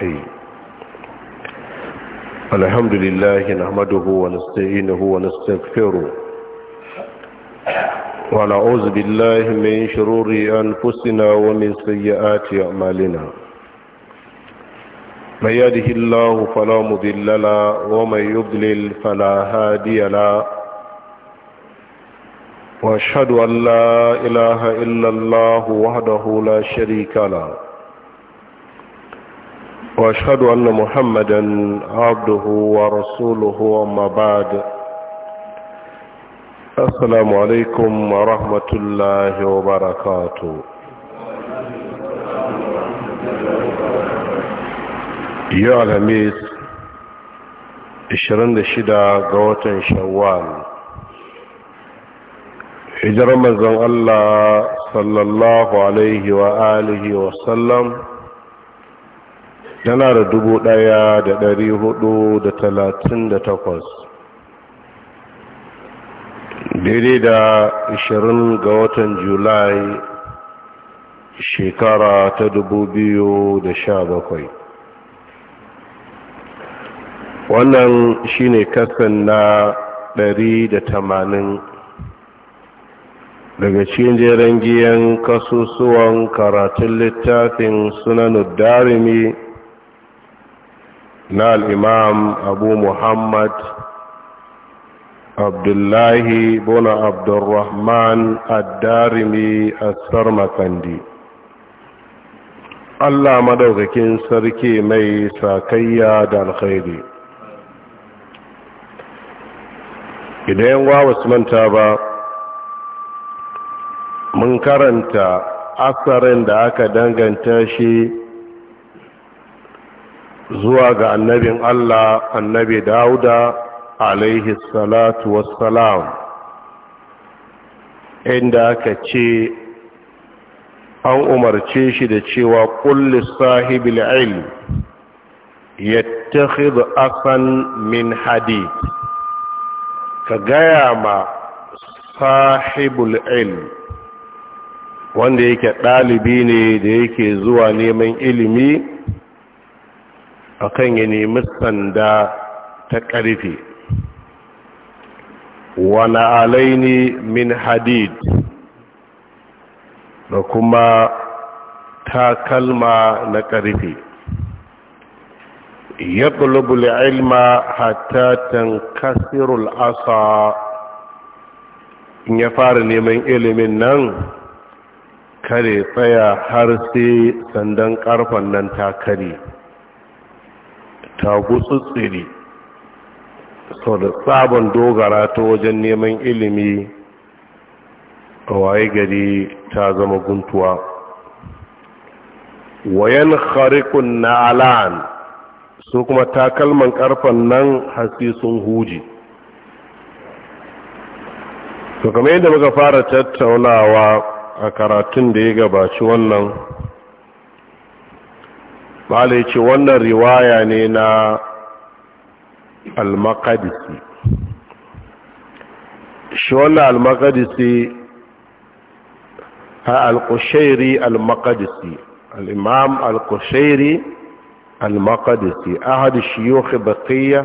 kai alhamdulillah nahmaduhu wa nasta'inuhu wa nastaghfiruh wa na'udhu billahi min shururi anfusina wa min sayyiati a'malina may yahdihillahu fala mudilla la wa may yudlil fala hadiya wa ashhadu an la ilaha illa allah wahdahu la sharika واشهد ان محمدا عبده ورسوله وما بعد السلام عليكم ورحمه الله وبركاته يا الهميس اشرند شدا قوه شوال حجر رمضان الله صلى الله عليه واله وسلم yana da dubu ɗaya da dari hudu da talatin da takwas daidai da ashirin ga watan julai shekara ta dubu biyu da sha bakwai wannan shine kasan na dari da tamanin daga cikin jerin giyan kasusuwan karatun littafin suna darimi na al'imam abu muhammad abdullahi bona abdurrahman addarimi asar makandi allah madaukakin sarki mai sakayya da alkhairi idan wawa su manta ba mun karanta asarin da aka danganta shi zuwa ga annabin Allah annabi Dauda alaihi salatu wassalam inda aka ce an umarce shi da cewa kulli al ilm yattakhidhu asan min hadith ka gaya ma sahibul ilm wanda yake ɗalibi ne da yake zuwa neman ilimi akan ya nemi sanda ta ƙarfe wani alaini min hadid da kuma takalma na ƙarfe ya ƙulubul ilma hatta kasirul asa in ya fara neman ilimin nan kare tsaya har sai sandan ƙarfen nan ta kare ne sau da tsaban dogara ta wajen neman ilimi a waye gari ta zama guntuwa wayan harikun na ala'an su kuma takalman karfan nan hasi sun huji Su kamar yadda muka fara tattaunawa a karatun da ya gabaci wannan bala ce wannan riwaya ne na Almakadisi shi wannan Almakadisi makadisi al almakadisi al’imam makadisi almakadisi a hadu shi yi makadisi bakiya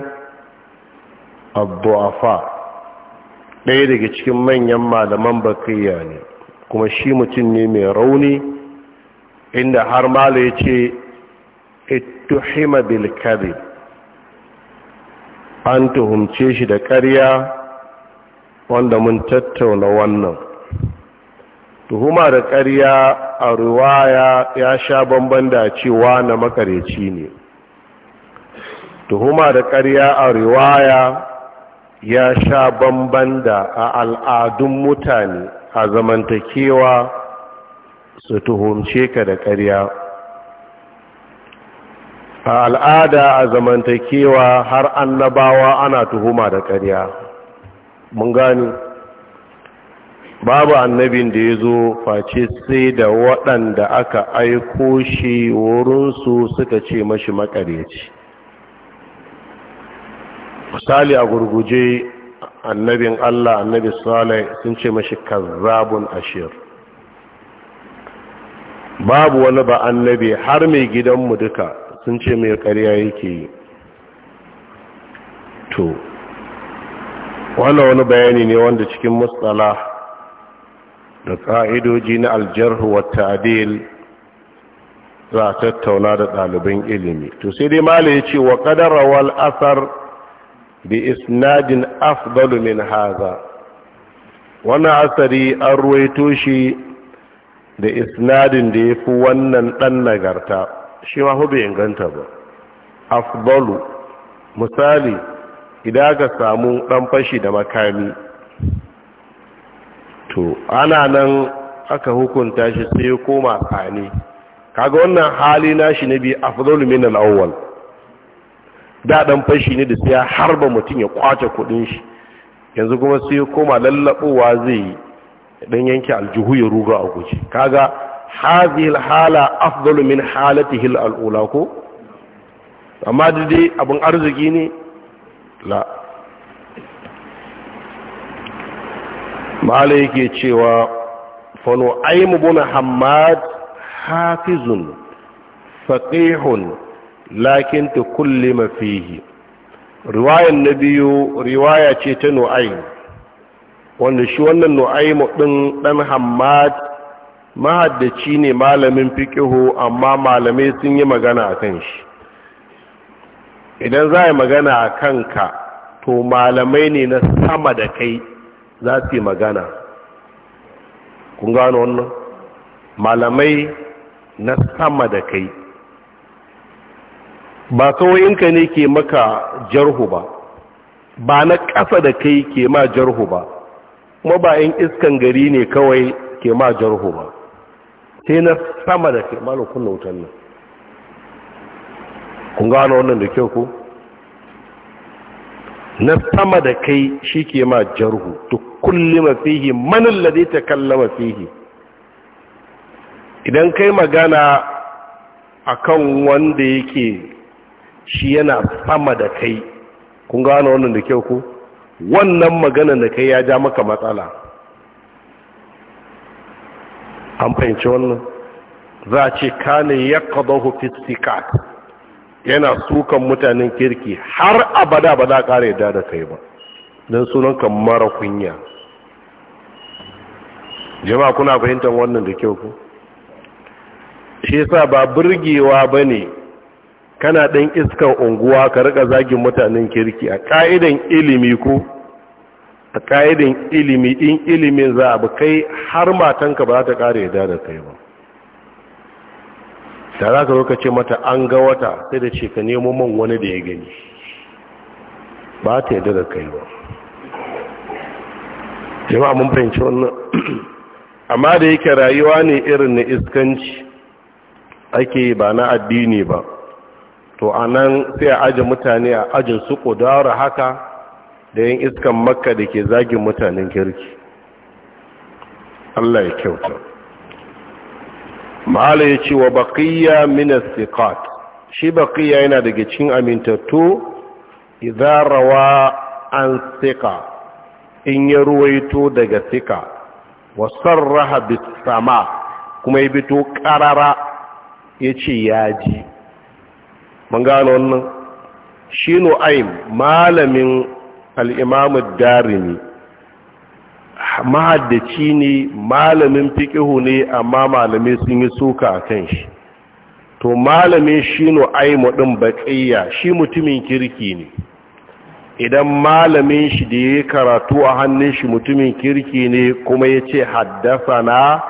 ɗaya daga cikin manyan malaman bakiyya ne kuma shi mutum ne mai rauni inda har mala ya ce ittuhima bil kadhib an tuhumce shi da ƙarya wanda mun tattauna wannan tuhuma da ƙarya a ruwaya ya sha bamban da cewa na makareci ne tuhuma da ƙarya a ruwaya ya sha bamban da a al'adun mutane a zamantakewa su tuhumce ka da ƙarya a al'ada a zamantakewa har annabawa ana tuhuma da ƙarya mun gani babu annabin da ya zo face sai da waɗanda aka aiko shi wurinsu suka ce mashi makaryaci misali a gurguje annabin allah annabi salai sun ce mashi kazzabun ashir babu wani ba annabi har mai gidanmu duka sun ce mai ƙarya yake yi to wannan wani bayani ne wanda cikin matsala da ƙa'idoji na aljarhu wa ta'adil za a tattauna da ɗaliban ilimi to sai dai mala ya ce wa ƙadara wal asar bi isnadin afdalu min haza wannan asari an ruwaito shi da isnadin da ya fi wannan ɗan nagarta shi ma bai inganta ba afdalu misali idan aka samu ɗan fashi da makami to ana nan aka hukunta shi sai ya koma kani kaga wannan hali nashi na biyu afdalu min al-awwal da dan fashi ne da sai harba mutum ya kwace kudin shi yanzu kuma sai ya koma lallabowa zai dan yanke aljuhu ya ruga a guje kaga hazil hala afdalu min halatihi al'ula ko amma dai abin arziki ne la mala yake cewa fano aimu bin hamad hafizun faqihun lakin ta kulle mafihi riwayan na biyu riwaya ce ta nu'aim wanda shi wannan nu'aimu ɗin ɗan hammad. mahaddaci ne malamin fikihu amma malamai sun yi magana a kan shi idan za yi magana a kanka to malamai ne na sama da kai za su yi magana kun gano wannan malamai na sama da kai ba sauyinka ne ke maka jarhu ba ba na ƙasa da kai ke ma jarhu ba kuma ba 'yan iskan gari ne kawai ke ma jarhu ba sai na sama da kai malam kunna wutan nan kun gano wannan da kyau ko na sama da kai shi ke ma jarhu to kulli mafihi manin lade ta kalla mafihi idan kai magana akan wanda yake shi yana sama da kai kun gano wannan da kyau ko wannan magana da kai ya ja maka matsala an fahimci wannan za a ce kane ya kabahu fistikat yana sukan mutanen kirki har abada ba za a ƙara yadda da kai ba don sunanka mara kunya jama'a kuna fahimtar wannan da kyau ku shi yasa ba burgewa ba ne kana ɗan iskar unguwa ka rika zagin mutanen kirki a ƙa'idan ilimi ko a ƙa'idin ilimi in ilimin za a bukai har matanka ba ta ƙara yada da kai ba da za ka lokaci mata an ga wata sai da ce ka nemo man wani da ya gani ba ta yada da kai ba jama'a mun fahimci wannan amma da yake rayuwa ne irin na iskanci ake ba na addini ba to anan sai a aji mutane a ajin su ƙudara haka da yin iskan makka da ke zagin mutanen kirki Allah ya kyauta ma'ala ya ce wa baƙiyya minas siqat shi baƙiyya yana daga cikin amintattu izarawa an siƙa in ya ruwaito daga siƙa wasan raha sama kuma ya bito ƙarara ya ce ya ji mun gano wannan shi nu'aim malamin al'imamu darimi mahaddaci ne malamin fikihu ne amma malami sun yi suka a kan shi to malamin shi no aimu ɗin baƙiyya shi mutumin kirki ne idan malamin shi da ya karatu a hannun shi mutumin kirki ne kuma ya ce haddasa na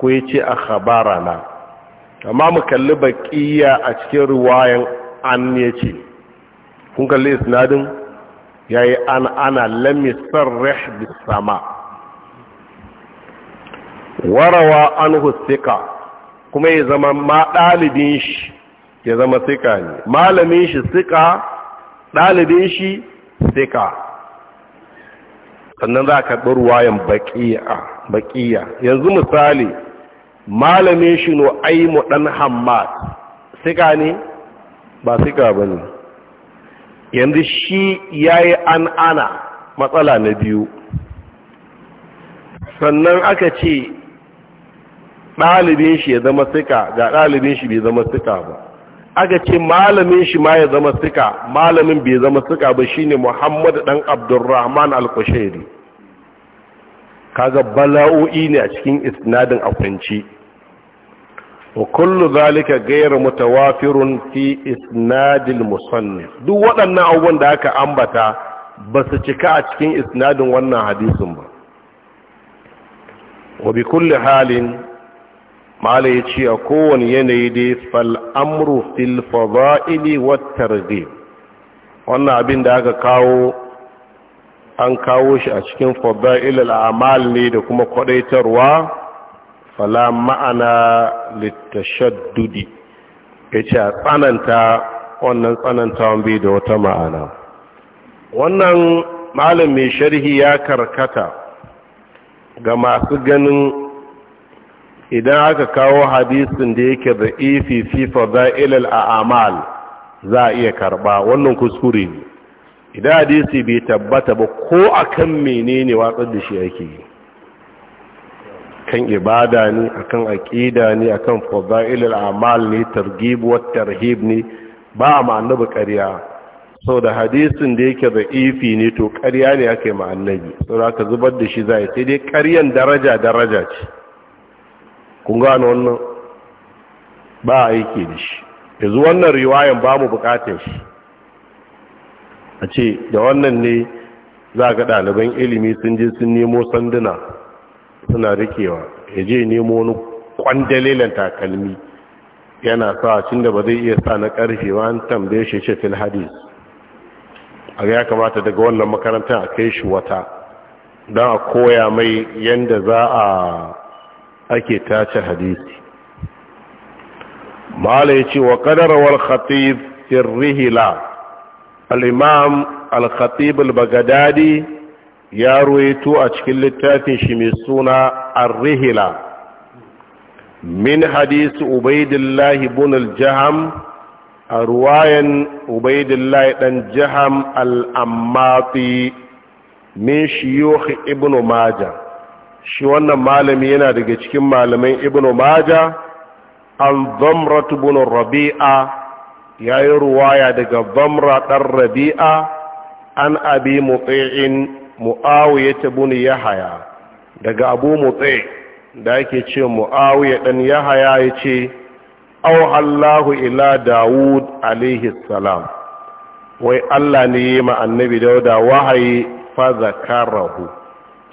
ko ya ce a habara na amma mu kalli baƙiyya a cikin ruwayan an ya ce kun kalli isnadin Yayi an ana lami sarrih bisama warawa an sika kuma ya zama ma ɗalibin shi ya zama sika ne malamin shi sika ɗalibin shi sika sannan za ka ɗi ruwayan baƙiya yanzu misali malamin shi no aimu ɗan hamad sika ne ba sika ba ne yanzu shi ya yi an ana matsala na biyu sannan aka ce ɗalibin shi ya zama suka ga ɗalibin shi bai zama suka ba aka ce malamin shi ma ya zama suka malamin bai zama suka ba shine Muhammadu ɗan abdurrahman al-kushairi kaga bala'o'i ne a cikin isnadin akwanci Mu kullu zalika ghayru mutawafirun fi isnadil musannif duk waɗannan abubuwan da aka ambata ba su cika a cikin isnadin wannan hadisin ba wa bi kulli halin mala yace a kowane yanayi dai fal amru fil fada'ili wat targhib wannan abin da aka kawo an kawo shi a cikin fada'il amal ne da kuma kwadaitarwa fala ma'ana littashaddudi yace ce a tsananta wannan bai da wata ma'ana wannan malam mai sharhi ya karkata ga masu ganin idan aka kawo hadisin da yake da ifi fi fada'ilal amal, za a iya karba wannan kuskure ne idan hadisi bai tabbata ba ko akan menene watsar da shi yake yi akan ibada ne akan aqida ne akan fadailul a'mal ne targhib wa tarhib ne ba ma annabi ƙarya saboda hadisin da yake da ifi ne to ƙarya ne ake ma annabi saboda ka zubar da shi zai sai dai ƙaryan daraja daraja ce kun gano wannan ba aiki da shi yanzu wannan riwayan ba mu bukatar shi a ce da wannan ne za ga ɗaliban ilimi sun je sun nemo sanduna suna rikewa ya je nemo wani kwandalilan takalmi yana sa cin da ba zai iya sa na karfe ba an tambaye shi ce fil hadis a ya kamata daga wannan makarantar a kai shi wata don a koya mai yadda za a ake tace hadisi mala ya ce wa ƙadarwar khatib firrihila al'imam al-khatib al-bagadadi ya ruwaito a cikin littafin shi mai suna ar-rihla min hadisi ubaidillahi ibn al-jaham a ruwayan dan jaham al-ammati min shiyukh ibn maja shi wannan malami yana daga cikin malaman ibn maja an zamratu ibn rabi'a yayi ruwaya daga zamra dan rabi'a an abi muti'in mu'awiyah ya haya, daga abu mutsi da ake ce ya dan ya ce, au Allahu ila Dawud alaihi salam wai Allah ne ya ma annabi Dauda wahayi fa zakarahu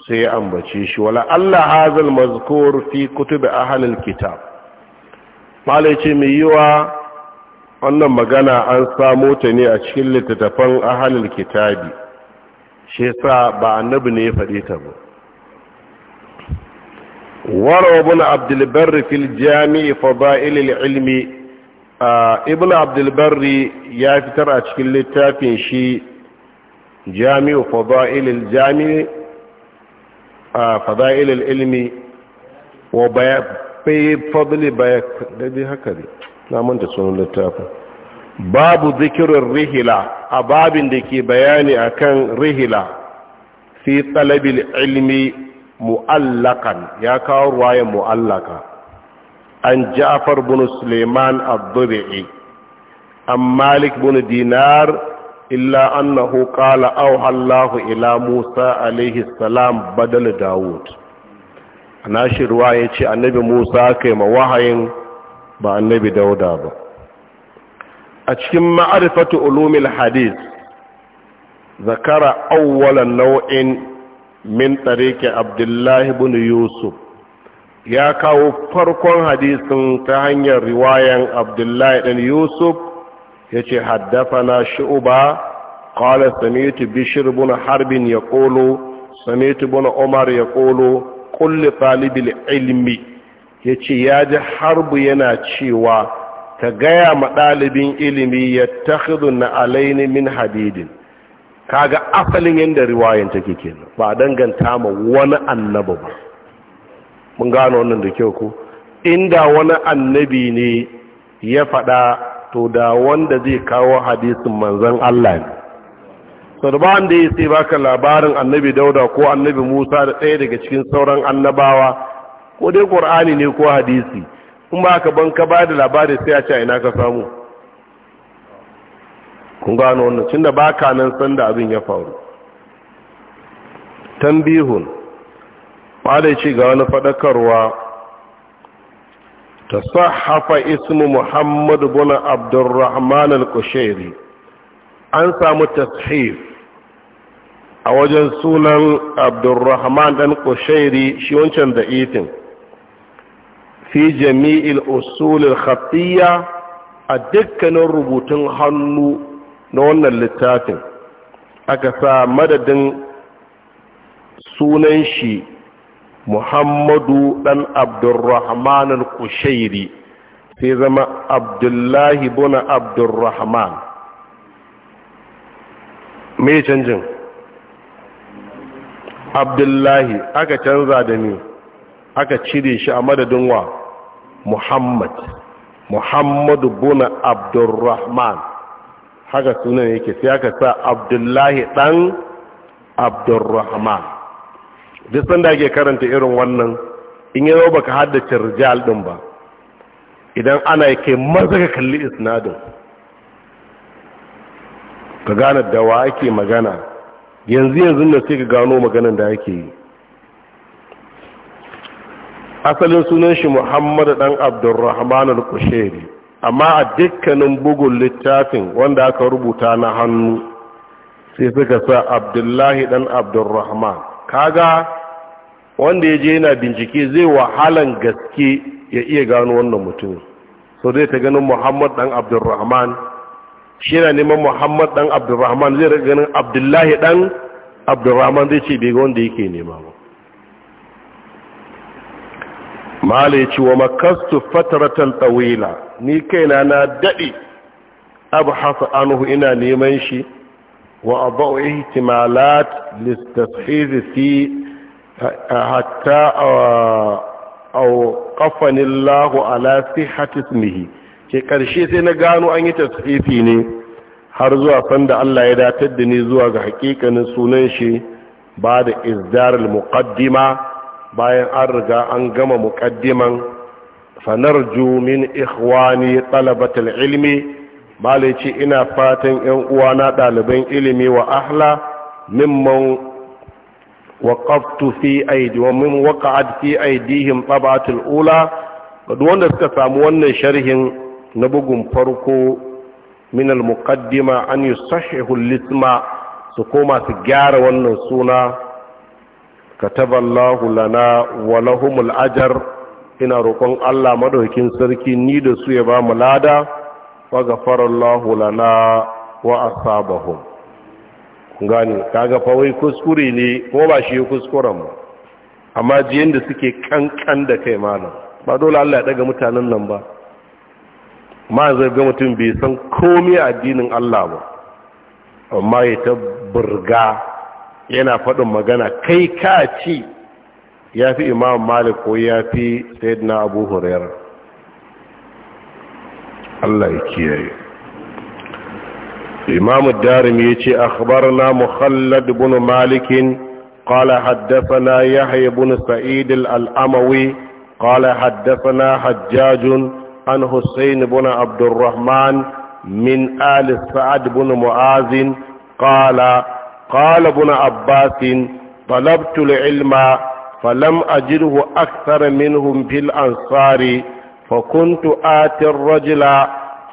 sai ya ambace shi wala Allah hazal mazkur fi a halin kitab malai ce mai yiwa wannan magana an samo ta ne a cikin littattafan halin kitabi shi sa ba annabi ne ya faɗi ta ba warawa ibn abdul barri fil jami'i fadail al ilmi ibn abdul barri ya fitar a cikin littafin shi jami'u fadail al jami'i fadail al ilmi wa bayan fadli bayan da haka ne na manta sunan littafin babu zikirin rihila a babin da ke bayani akan rihila fi talabil ilmi mu'allakan ya kawo ruwaye mu'allaka an ja'afar bin suleiman abdubi'i an malik bin dinar illa annahu qala aw allah ila musa alaihi salam badal dawud a shi ruwa yace annabi musa kai ma wahayin ba annabi dauda ba a cikin ma'arifatu ulumil hadis zakara awwala nau'in min tsareke abdullahi bin yusuf ya kawo farkon hadisin ta hanyar riwayan abdullahi ɗan yusuf ya ce haddafana shu'uba qala samitu bishir ibn harbin Yaqulu, samitu ibn umar Yaqulu, kulli talibil ilmi yace ya ji harbu yana cewa ka gaya ma ɗalibin ilimi ya hudu na alaini min hadidin kaga asalin yadda riwayan take kenan ba danganta ma wani annabi ba mun gano wannan da kyau ko inda wani annabi ne ya faɗa to da wanda zai kawo hadisin manzon Allah ne sarban da ya sai baka labarin annabi dauda ko annabi musa da ɗaya daga cikin sauran annabawa ko dai ƙur'ani ne ko hadisi in ba ka ban ka ba da labari sai a ce ina ka samu kun gano wannan cin da ba ka nan san da abin ya faru tambihun da ce ga wani faɗakarwa ta sahafa ismu muhammad buna abdurrahman al-kushairi an samu tashif a wajen sunan abdurrahman dan kushairi shi wancan da itin fi jami'il usulul khatiyya a dukkanin rubutun hannu na wannan littafin aka sa madadin sunan shi muhammadu dan abdurrahman al-kushairi sai zama abdullahi buna abdurrahman mai canjin abdullahi aka canza da ni aka cire shi a madadin wa muhammad muhammadu buna abdurrahman haka sunan yake sai aka sa abdullahi dan abdurrahman duk sanda ake karanta irin wannan in yi baka haddace rijal din ba idan ana yake maza ka kalli isnadin ka gane da ake magana yanzu yanzu da sai ka gano maganar da ake yi asalin sunan shi Muhammad dan abdurrahman al-kushairi amma a dukkanin bugun littafin wanda aka rubuta na hannu sai suka sa abdullahi dan abdurrahman kaga wanda ya je yana bincike zai wahalan gaske ya iya gano wannan mutum so zai ta ganin muhammad dan abdurrahman shi yana neman muhammad dan abdurrahman zai ganin abdullahi dan abdurrahman zai ce bai ga wanda yake nema ba mala yace wa makastu fataratan tawila ni kaina na dade abhasu anhu ina neman shi wa adau ihtimalat listashiz fi hatta uh, aw qafani Allah ala sihhati ke ƙarshe sai na gano an yi tasfifi ne har zuwa sanda Allah ya datar da ni zuwa ga hakikanin sunan shi ba da izdar al-muqaddima bayan an riga an gama muƙaddiman fanarju min ikhwani talabatul ilmi malai ina fatan yan uwana ɗaliban ilimi wa ahla mimman waqaftu fi aidi wa min waqa'at fi aidihim tabatul ula wanda suka samu wannan sharhin na bugun farko min al muqaddima an yusahihu al su koma su gyara wannan suna kataballahu lana wa lahumul ajr ina roƙon Allah madaukin sarki ni da su ya bamu mu lada wa ghafarallahu lana kaga fa wai kuskure ne ko ba shi kuskuren mu amma jiyan da suke kankan da kai malam ba dole Allah ya daga mutanen nan ba ma zai ga mutum bai san komai addinin Allah ba amma ya ta burga yana faɗin magana kai ka ci ya fi imam malik ko ya fi sayyidina abu hurairar Allah ya kiyaye imam darimi ya ce akhbarna mukhallad ibn malik qala haddathana yahya ibn sa'id al-amawi qala haddathana hajjaj an husayn ibn abdurrahman min ali sa'ad ibn mu'az qala قال ابن عباس طلبت العلم فلم أجده أكثر منهم في الأنصار فكنت آتي الرجل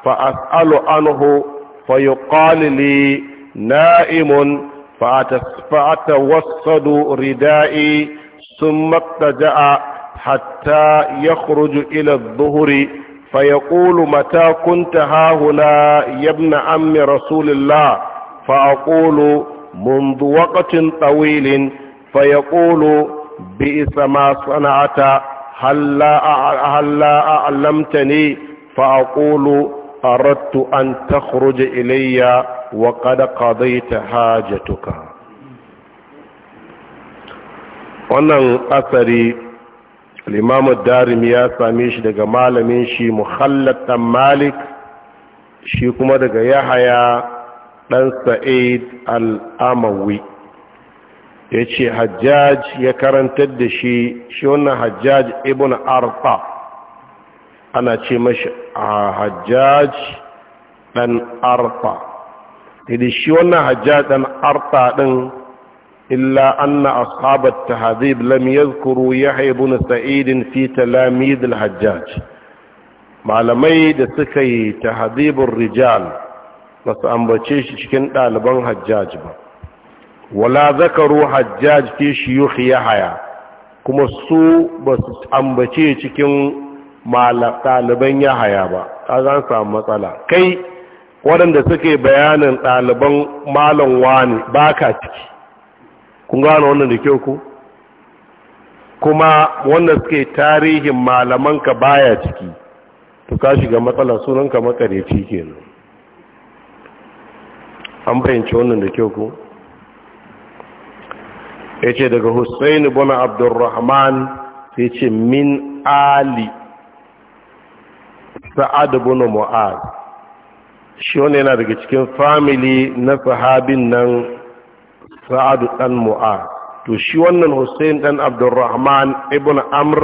فأسأل عنه فيقال لي نائم فأتوسد ردائي ثم اقتجع حتى يخرج إلى الظهر فيقول متى كنت ها هنا يا ابن عم رسول الله فأقول منذ وقت طويل فيقول بئس ما صنعت هل a هل لا أعلمتني فأقول أردت أن تخرج إلي وقد قضيت حاجتك wannan asari limamu darim ya same shi daga malamin shi muhallatan malik shi kuma daga yahaya ɗan sa'id al'amawi ya ce hajjaj ya karantar da shi shi wannan hajjaj ibn arta ana ce mashi a hajjaj ɗan arta idan shi wannan hajjaj ɗan arta ɗin illa anna ashabat tahadhib lam yadhkuru yahya ibn sa'id fi talamid al-hajjaj malamai da suka yi tahdhibur rijal ba su ambace shi cikin ɗaliban hajjaj ba wala zakaru hajjaj fi shiyuhi yahaya kuma su ba su ambace cikin ɗaliban yahaya ba ta zan samu matsala kai waɗanda suke bayanin ɗaliban malon wani ba ka ciki kun gano wannan da kyau ku kuma wanda suke tarihin malamanka baya ciki to ka shiga matsala sunanka makareci kenan an bayyance wannan da kyau ko ya ce daga husain bona abdurrahman sai ce min ali sa'ad ibn mu'az shi wanda yana daga cikin family na sahabin nan sa'ad dan mu'az to shi wannan husain dan abdurrahman ibn amr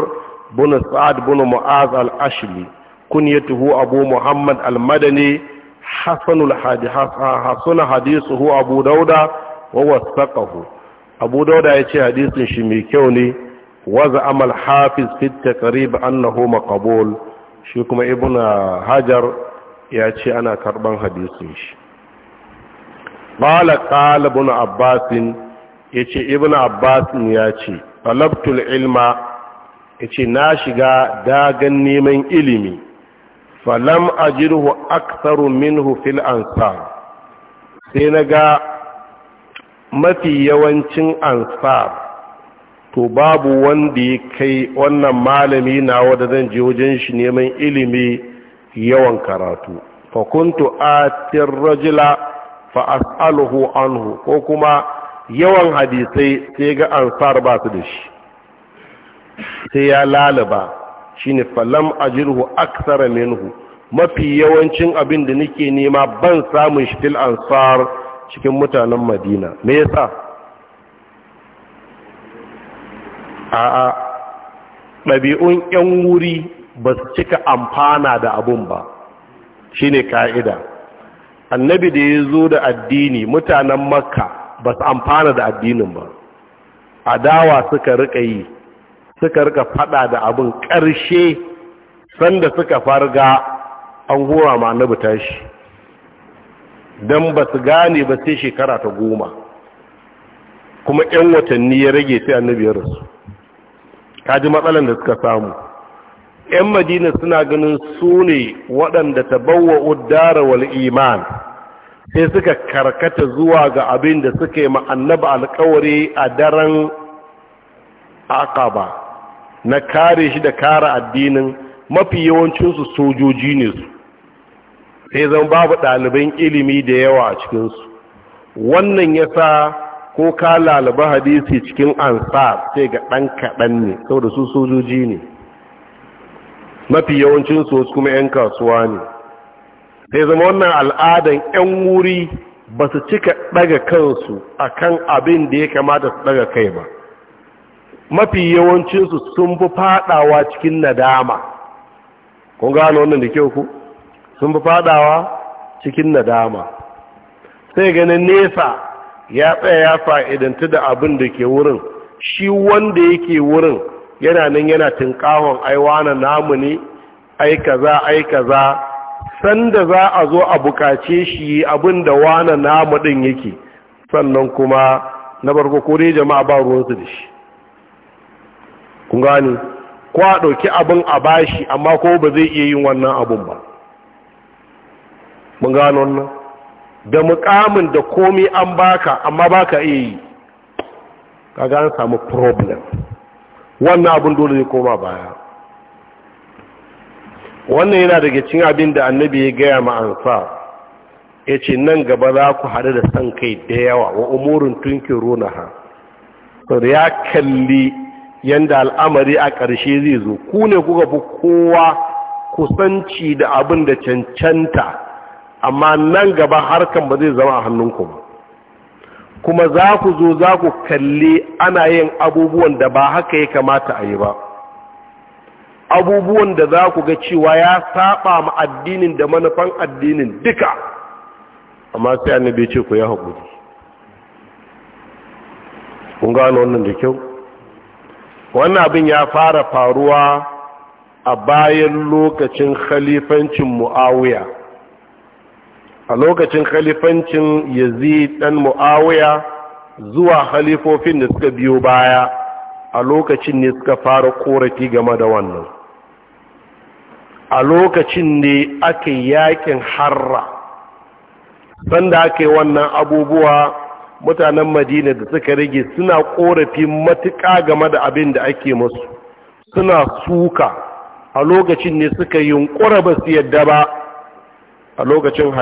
bona sa'ad bona mu'az al-ashli kunyatuhu abu muhammad al-madani hasanul hasuna hadisuhu abu dauda wa wasaqahu abu dauda ya ce hadisin shi mai kyau ne waza amal hafiz fi taqrib annahu maqbul shi kuma ibn hajar ya ce ana karban hadisin shi qala qala ibn abbas yace ibn abbas ya ce talabtul ilma yace na shiga dagan neman ilimi falam ajirhu aktharu minhu fil ansar sai ga mafi yawancin ansar to babu wanda ya kai wannan malami nawa da zan je wajen shi neman ilimi yawan karatu fa a atir rajula fa anhu ko kuma yawan hadisai sai ga ansar ba su da shi sai ya lalaba shine falam ajruhu akthara minhu mafi yawancin abin da nake nema ban samun shi fil ansar cikin mutanen madina me yasa a ɗabi'un 'yan wuri ba su cika amfana da abun ba shine ka'ida annabi da ya zo da addini mutanen makka ba su amfana da addinin ba adawa suka rika yi suka rika fada da abin ƙarshe sanda suka farga an hura ma annabi tashi don ba su gane ba sai shekara ta goma kuma 'yan watanni ya rage sai annabi ya rasu kaji matsalan da suka samu 'yan madina suna ganin su ne waɗanda tabawa uddara wal iman sai suka karkata zuwa ga abin da suka yi ma'annaba alkawari a daren akaba na kare shi da kare addinin mafi yawancinsu sojoji ne su sai zan babu ɗaliban ilimi da yawa a cikinsu wannan ya sa ko ka lalaba hadisi cikin ansa sai ga ɗan kaɗan ne saboda su sojoji ne mafi yawancinsu su kuma 'yan kasuwa ne sai zama wannan al'adan 'yan wuri ba su cika ɗaga kansu akan abin da ya kamata su ɗaga kai ba mafi yawancinsu sun fi fadawa cikin nadama kun gano wannan da kyau ku sun fi fadawa cikin nadama sai ganin nesa ya tsaya ya fa'idanta da abin da ke wurin shi wanda yake wurin yana nan yana tinkawon aiwana namu ne ai kaza ai kaza sanda za a zo a bukace shi abin da wana namu din yake sannan kuma na barko-kore jama'a ba ruwansu da shi kun gani ko a ɗauki abin a bashi amma ko ba zai iya yin wannan abin ba mun gano wannan da mukamin da komai an baka amma baka iya yi kaga an samu problem wannan abin dole zai koma baya wannan yana daga cikin abin da annabi ya gaya ma ansa ya ce nan gaba za ku hada da san kai da yawa wa umurin tunkin ronaha so da ya kalli yanda al'amari a ƙarshe zai zo ku ne kuka fi kowa kusanci da abin da cancanta amma nan gaba harkan ba zai zama a hannunku ba kuma za ku zo za ku kalli ana yin abubuwan da ba haka ya kamata a yi ba abubuwan da za ku ga cewa ya saba ma addinin da manufan addinin duka amma sai annabi ce ku ya haƙuri kun gano wannan da kyau wannan abin ya fara faruwa a bayan lokacin khalifancin mu'awiya a lokacin khalifancin yazid dan mu'awiya zuwa khalifofin da suka biyo baya a lokacin ne suka fara korafi game da wannan a lokacin ne ake yakin harra sanda ake wannan abubuwa mutanen madina da suka rage suna korafi matuƙa game da abin da ake masu suna suka a lokacin ne suka ƙura ba su yadda ba a lokacin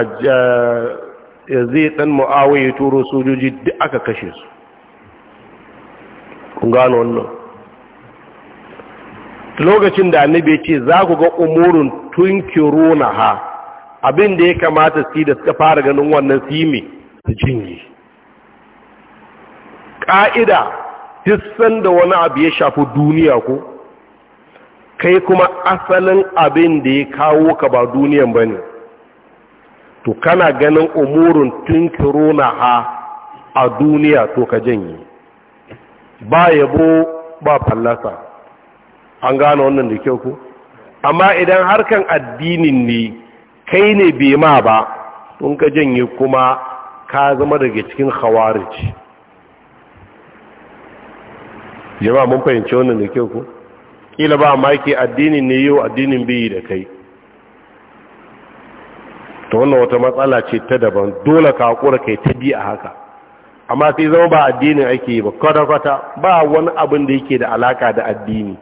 eh, zai ɗan mu'awai ya turo sojoji duk aka kashe su kun gano wannan lokacin da annabi ce za ku ga umurin tunkiro na ha abin da ya kamata su da suka fara ganin wannan su yi su cinye ƙa'ida hissan da wani abu ya shafi duniya ko kai kuma asalin abin da ya kawo ka ba duniyan ba ne to kana ganin umurin tunkiro na ha a duniya to ka janye ba yabo ba fallasa an gane wannan da kyau ko amma idan harkan addinin ne kai ne bai ma ba tun ka janye kuma ka zama daga cikin ce. jama'a mun fahimci wannan da kyau ko kila ba maki addinin ne yau addinin biyi da kai ta wannan wata matsala ce ta daban dole ka haƙura kai ta bi a haka amma sai zama ba addinin ake yi ba kwata-kwata ba wani abin da yake da alaka da addini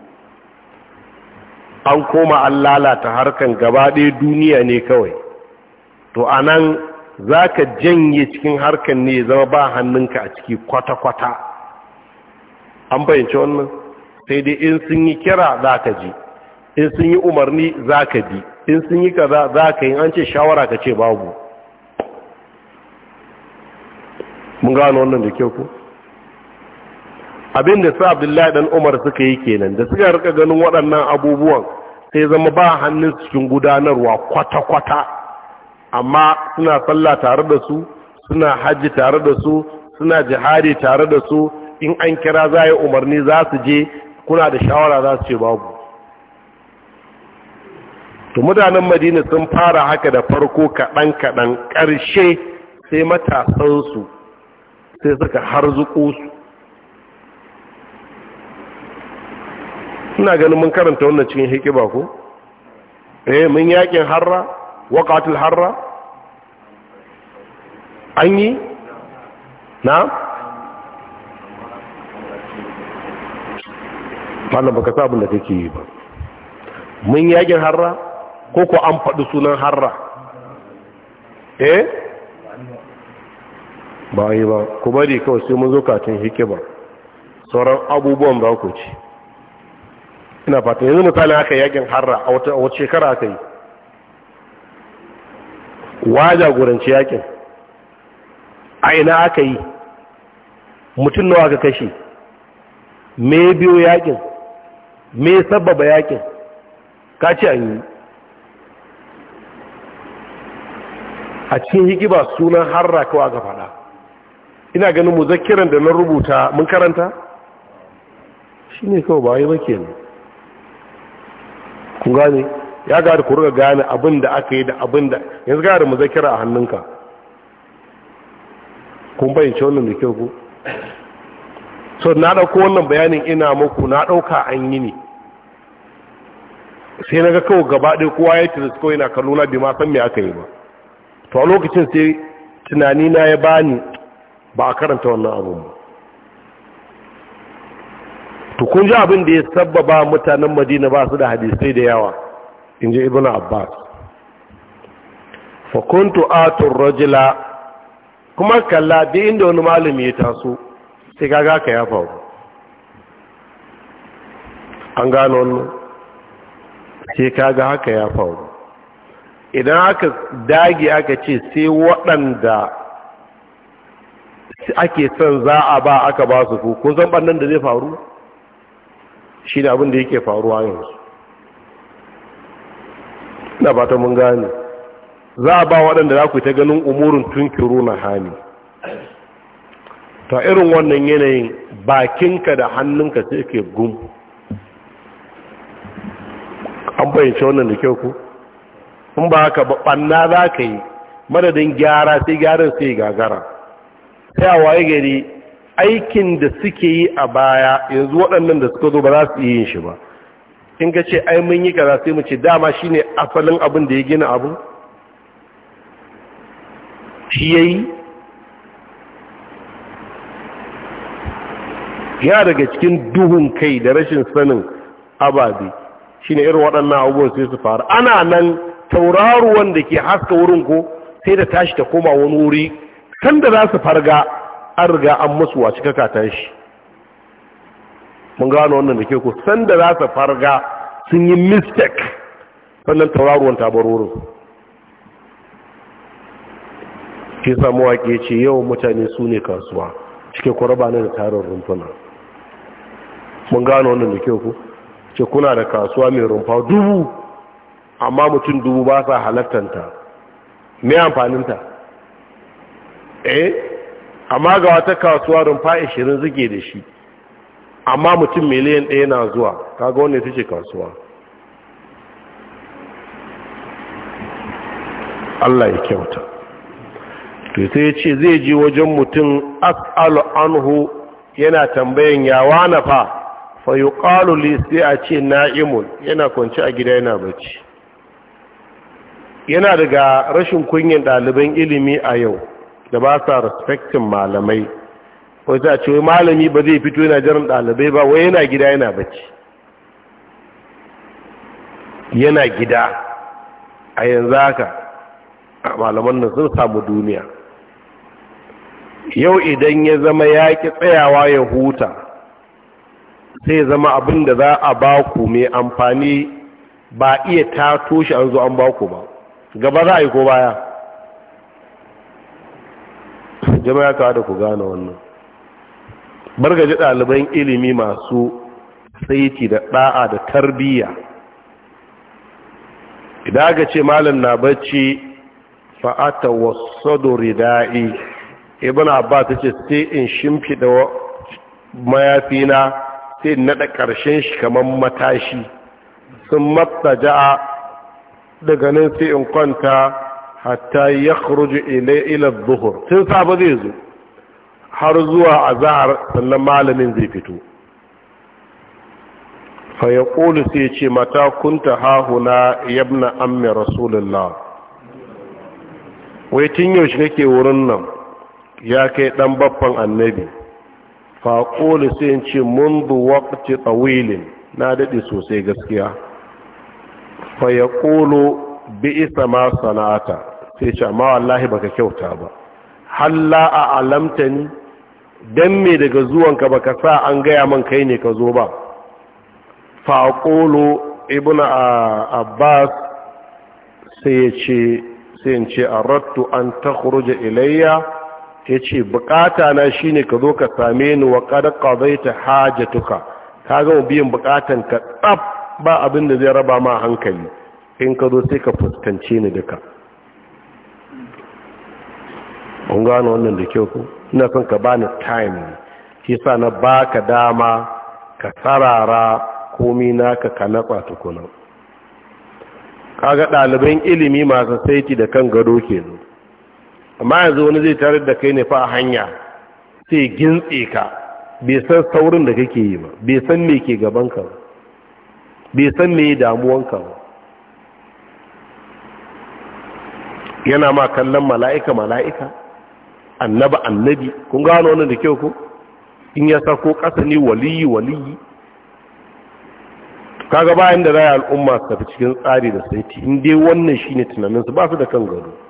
an koma an lalata harkan gaba ɗaya duniya ne kawai to a nan za ka janye cikin harkan ne zama ba hannunka a ciki kwata-kwata an bayyance wannan sai dai in sun yi kira za ka ji in sun yi umarni za ka bi in sun yi kaza za ka yi an ce shawara ka ce babu mun gano wannan da kyau ku abin da sa abdullahi dan umar suka yi kenan da suka rika ganin waɗannan abubuwan sai zama ba hannun cikin gudanarwa kwata-kwata amma suna sallah tare da su suna hajji tare da su suna jihari tare da su in an kira za a yi umarni za su je kuna da shawara za su ce babu to mutanen madina sun fara haka da farko kaɗan-kaɗan ƙarshe sai matasansu sai suka harzuku su ina ganin mun karanta wannan cikin hikiba ko eh mun yakin harra waqatul harra an yi na malam baka sa abin da kake yi ba mun yakin harra ko ko an faɗi sunan harra eh ba yi ba ku bari kawai sai mun zo katin hikima sauran abubuwan ba ku ci ina fata yanzu misali haka yakin harra a wata shekara aka yi waja jagoranci yakin a ina aka yi mutum nawa aka kashe me biyo yakin me sababa yakin ka ce an yi a cikin hikiba sunan harra kawa ga fada ina ganin muzakkiran da na rubuta mun karanta shi ne kawai ba yi maki ne kun gane ya gada ku ruga gane abin da aka yi da abin da yanzu gada muzakkira a hannunka kun bayyance wannan da kyau ku so na ɗauko wannan bayanin ina muku na ɗauka an yi ne sai na ga kawo gaba ɗaya kowa ya tilis kawai na kallo na bi ma san me aka yi ba to a lokacin sai tunani na ya bani ba a karanta wannan abun ba to kun ji abin da ya sabbaba mutanen madina ba su da hadisai da yawa in ji ibn abbas fa kuntu atur rajula kuma kalla da inda wani malami ya taso sai ga ka ya faru an gano wannan sai kaga haka ya faru idan aka dage aka ce sai waɗanda ake son za a ba aka ba su ko ko zan ɓannan da zai faru shi ne abin da yake faruwa yanzu na ba ta mun gane za a ba waɗanda za ku ta ganin umurin tunkiru na hali ta irin wannan yanayin bakinka da hannunka sai ke gum an bayyance wannan da kyau ku in ba haka banna za ka yi madadin gyara sai gyaran sai gagara sai a waye gari aikin da suke yi a baya yanzu waɗannan da suka zo ba za su yi shi ba in ka ce ai mun yi kaza sai mu ce dama shine asalin abin da ya gina abu shi yayi ya daga cikin duhun kai da rashin sanin ababe shine irin waɗannan abubuwan sai su faru ana nan tauraruwan da ke haska wurin ko sai da tashi ta koma wani wuri sanda za su farga an riga an masu wa cika tashi mun gano wannan da ke ku sanda za su farga sun yi mistake sannan tauraruwan ta bar wurin ke samuwa ke ce yawan mutane su ne kasuwa cike kwarba na da tarin rumfuna mun gano wannan da kyau ku ce kuna da kasuwa mai rumfa dubu amma mutum dubu ba sa halattanta me amfaninta eh amma ga wata kasuwa rumfa 20 zige da shi amma mutum miliyan ɗaya na zuwa kaga wannan ita ce kasuwa Allah ya kyauta to sai ya ce zai ji wajen mutum as'alu anhu yana tambayan ya na fa fa li sai a ce na'imun yana kwanci a gida yana bacci yana daga rashin kunyan ɗaliban ilimi a yau da ba sa respectin malamai wai za a ce malami ba zai fito yana jiran ɗalibai ba wai yana gida yana bacci yana gida a yanzu haka malaman nan sun samu duniya yau idan ya zama ya tsayawa ya huta sai zama abin da za a ba ku mai amfani ba iya ta toshe an zo an ba ku ba gaba za a yi ko baya ya kawo da ku gane wannan bargaji ɗaliban ilimi masu saiti da ɗa'a da tarbiyya idan aka ce malam na bacci fa'ata wasu rida'i ibn abba ta ce sai in shimfiɗa mayafina sai naɗa ƙarshen shi kamar matashi sun matsa ja'a daga nan sai in kwanta hatta ya kuruji ila zuhur sun sabu zai zo har zuwa a zahar sannan malamin zai fito fa ƙoli sai ce mata kunta hahuna yabna amma rasulullah wai tun yaushe kake wurin nan ya kai ɗan babban annabi faƙoli sai in ce mundu waƙci tsawilin na daɗe sosai gaskiya fa ya ƙolo bi isa ma sana'ata sai ce amma wallahi baka kyauta ba halla a alamta ni don me daga zuwanka baka sa an gaya man kai ne ka zo ba faƙolo ibn abbas sai ya ce sai in ce rattu an ta ilayya ya ce bukata na shine ka zo ka same ni wa ƙarƙa zai ta tuka ka gama biyan bukatan ka tsab ba abin da zai raba ma hankali in ka zo sai ka fuskance ni duka kun gano wannan da kyau ku ina son ka bani time shi sa na baka dama ka sarara komi naka ka natsa tukuna ga ɗaliban ilimi masu saiti da kan gado ke kenan amma yanzu wani zai tarar da kai ne fa a hanya sai gintse ka bai san saurin da kake yi ba bai san me ke gaban ba bai san me ka ba yana ma kallon mala'ika mala'ika annaba annabi kun gano wannan da kyau ko in ya sako ƙasa ne waliyi waliyi kaga bayan da za al'umma su tafi cikin tsari da saiti in dai wannan shine tunaninsu ba su da kan gado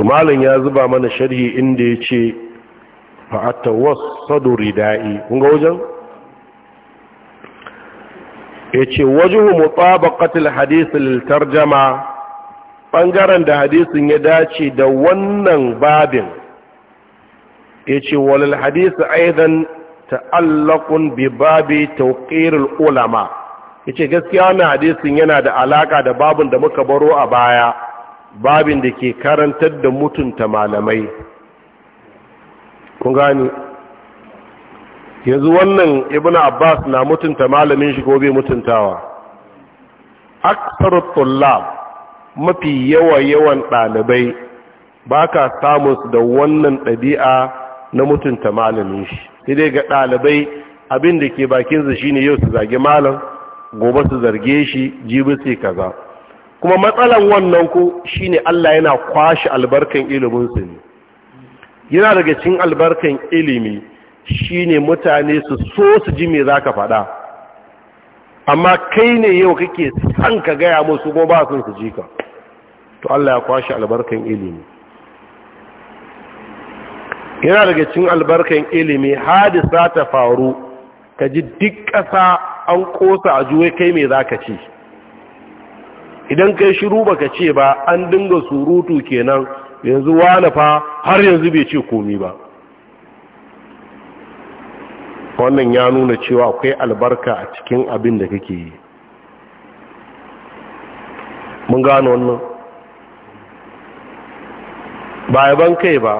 to malam ya zuba mana sharhi inda ya ce fa'atta wasu rida'i kun ga wajen ya ce wajuhu bakatil hadisun littar jama, ɓangaren da hadisin ya dace da wannan babin ya ce walil hadisun aidan ta’allakun bi babi tawqirul ulama ya ce gaskiya wannan hadisin yana da alaka da babin da muka baro a baya babin da ke karantar da mutunta malamai kun gani yanzu wannan ibn abbas na mutunta malamin shi ko bai mutuntawa aksarut tullab mafi yawa yawan ɗalibai ba ka samun su da wannan ɗabi'a na mutunta malamin shi sai dai ga ɗalibai abin da ke bakin su shine yau su zage malam gobe su zarge shi jibi sai kaza kuma matsalan wannan ku shine Allah yana kwashi albarkan ilimin su ne yana daga cikin albarkan ilimi shine mutane su so su ji me zaka faɗa amma kai ne yau kake san ka gaya musu ko ba sun su ji ka to Allah ya kwashi albarkan ilimi yana daga cikin albarkan ilimi hadisa ta faru ka ji duk ƙasa an ƙosa a juwe kai me zaka ci. idan kai shiru baka ce ba an dinga surutu kenan yanzu wani fa har yanzu bai ce komi ba wannan ya nuna cewa akwai albarka a cikin abin da kake yi mun gano wannan ba yaban kai ba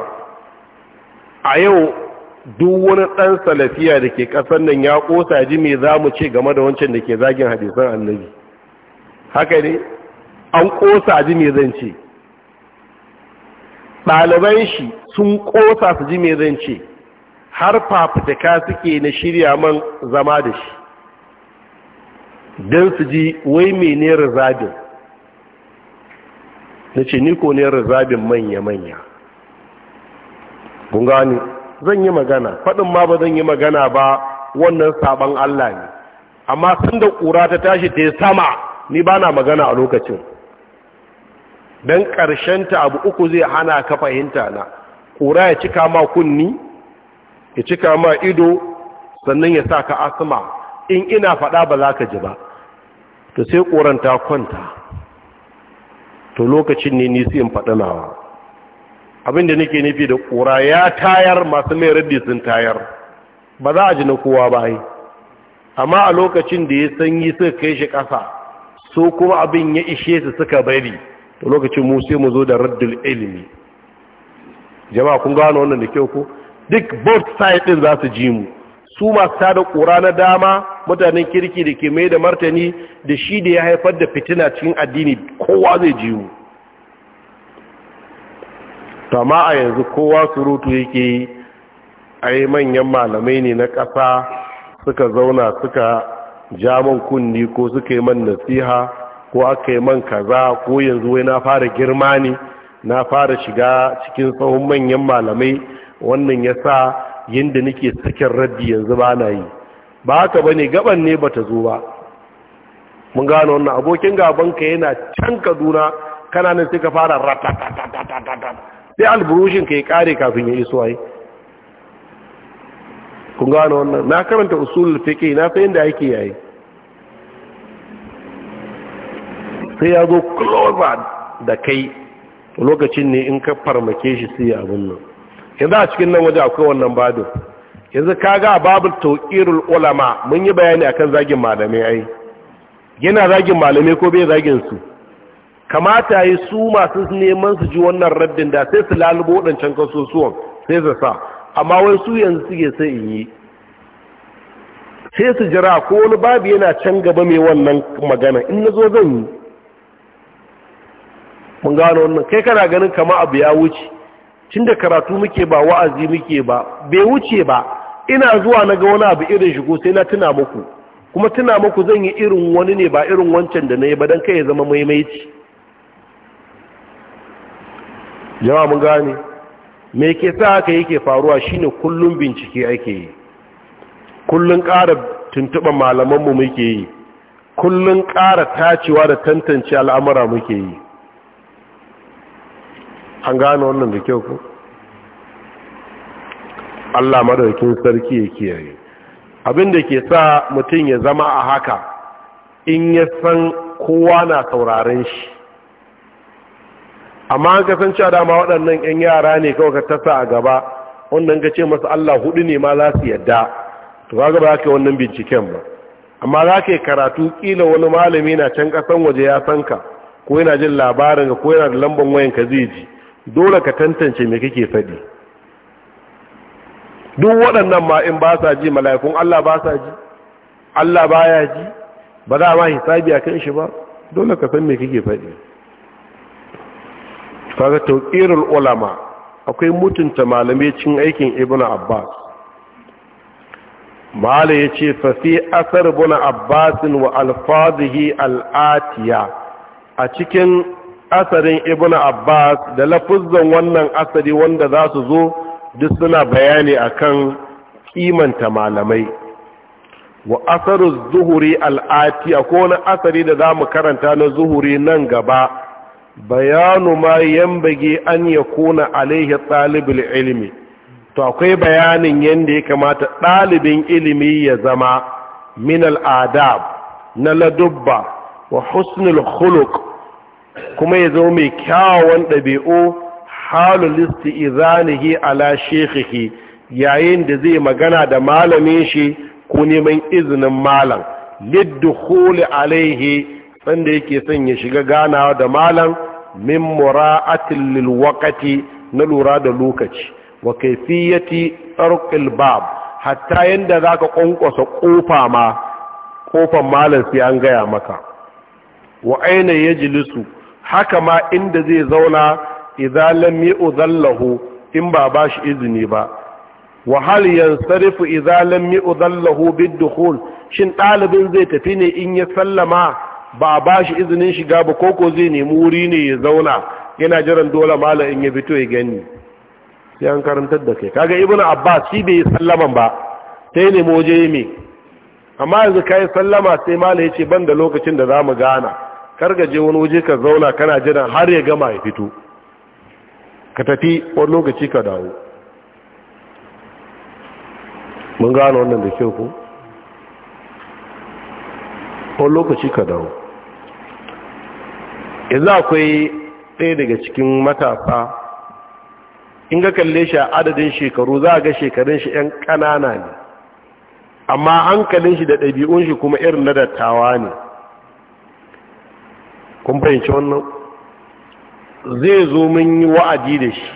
a yau duk wani ɗan salafiya da ke ƙasar nan ya ƙosa ji mai za mu ce game da wancan da ke zagin hadisan annabi haka ne an ƙosa ji me zan ce ɗaliban shi sun ƙosa su ji me zan ce har fafutuka suke na shirya man zama da shi don su ji wai mene rizabin na ce niko ne rizabin manya-manya gungani zan yi magana faɗin ma ba zan yi magana ba wannan sabon Allah ne amma sun da ƙura ta tashi ta sama ni ba na magana a lokacin don ta abu uku zai hana ka fahimta na ƙura ya cika ma kunni ya cika ma ido sannan ya sa ka asma in ina faɗa ba za ka ji ba to sai ƙoran ta kwanta to lokacin ne nisi in faɗanawa abinda nake nufi da ƙura ya tayar masu mai raddi sun tayar ba za a ji na kowa ba yi amma a lokacin da ya sanyi suka kai shi ƙasa so kuma abin ya ishe su suka bari to lokacin mu sai mu zo da raddul ilimi jama'a kun gano wannan da kyau ko duk both side din za su ji mu su masu da ƙura na dama mutanen kirki da ke mai da martani da shi da ya haifar da fitina cikin addini kowa zai ji mu tama a yanzu kowa surutu yake yi ai manyan malamai ne na ƙasa suka zauna suka ja man kunni ko suka yi man nasiha ko aka yi man kaza ko yanzu wai na fara girma ne na fara shiga cikin tsohon manyan malamai wannan ya sa yadda nake sakin raddi yanzu ba na yi ba haka ba ne gaban ne ba ta zo ba mun gano wannan abokin gabanka yana can kaduna kana nan sai ka fara sai alburushin ka ya kare kafin ya iso ai kun gano wannan na karanta usulul fiqh na san yadda ake yayi sai ya zo closer da kai lokacin ne in ka farmake shi sai abin nan yanzu a cikin nan waje akwai wannan babin yanzu ka kaga babul tawqirul ulama mun yi bayani akan zagin malamai ai yana zagin malamai ko bai zagin su kamata yi su masu neman su ji wannan raddin da sai su lalubo waɗancan kasusuwan sai su sa amma wai su yanzu suke sai in yi sai su jira ko wani babu yana can gaba mai wannan magana in nazo zan yi mun gano wannan kai kana ganin kama abu ya wuce tun da karatu muke ba wa'azi muke ba bai wuce ba ina zuwa na ga wani abu irin shigo sai na tuna muku kuma tuna muku zan yi irin wani ne ba irin wancan da na yi ba don kai ya zama maimaici jama'a mun gane me ke sa haka yake faruwa shine kullum bincike ake yi kullum ƙara tuntuɓa malamanmu muke yi kullum ƙara tacewa da tantance al'amura muke yi an gano wannan da kyau ku Allah madaukin sarki ya kiyaye abin da ke sa mutum ya zama a haka in ya san kowa na sauraren shi amma an kasance dama waɗannan 'yan yara ne kawai ka tasa a gaba wannan ka ce masa Allah hudu ne ma za su yadda to kaga ba ka wannan binciken ba amma za ka karatu kila wani malami na can ƙasan waje ya san ka ko yana jin labarin ka ko yana da lambar wayanka zai ji dole ka tantance me kake faɗi duk waɗannan ma in ba sa ji mala'ikun Allah ba sa ji Allah baya ji ba za ma hisabi akan shi ba dole ka san me kake faɗi kaga tawqirul ulama akwai mutunta malamai cin aikin ibnu abbas mala yace fa fi asar ibnu abbas wa alfazihi alatiya a cikin asarin ibn abbas da lafuzzan wannan asari wanda za su zo duk suna bayani akan kimanta malamai wa asaru zuhuri al'ati a kowane asari da za mu karanta na zuhuri nan gaba bayanu ma yambage an ya kona alaihi ɗalibin ilimi to akwai bayanin yadda ya kamata ɗalibin ilimi ya zama min adab na ladubba wa husnul khuluq kuma ya zo mai kyawawan ɗabi'u listi izanihi ala shekhihi yayin da zai magana da malamin shi ko neman izinin malam huli alaihi sanda yake son ya shiga ganawa da malam min mura'atin lil na lura da lokaci wa kayfiyati tsarkil bab hatta za ka ƙunƙwasa ƙofa ma ƙofan malam sai an gaya maka wa aina yajlisu haka ma inda zai zauna idan lam yu'dhallahu in ba ba shi izini ba wa hal yansarifu idan lam yu'dhallahu bid-dukhul shin ɗalibin zai tafi ne in ya sallama ba ba shi izinin shiga ba koko zai nemi wuri ne ya zauna yana jiran dole malam in ya fito ya gani sai an karantar da kai kaga ibnu abbas shi bai sallaman ba sai ne moje me amma yanzu kai sallama sai mala ya ban da lokacin da zamu gana je wani waje ka zauna kana jiran har ya gama ya fito ka tafi wani lokaci ka dawo mun gano wannan da kyau ko wani lokaci ka dawo idan akwai ɗaya daga cikin matafa in ga kalle shi a adadin shekaru za a ga shekarun shi 'yan ƙanana ne amma hankalin shi da ɗabi'un shi kuma irin na dattawa ne kun fahimci wannan zai zo mun yi wa'adi da shi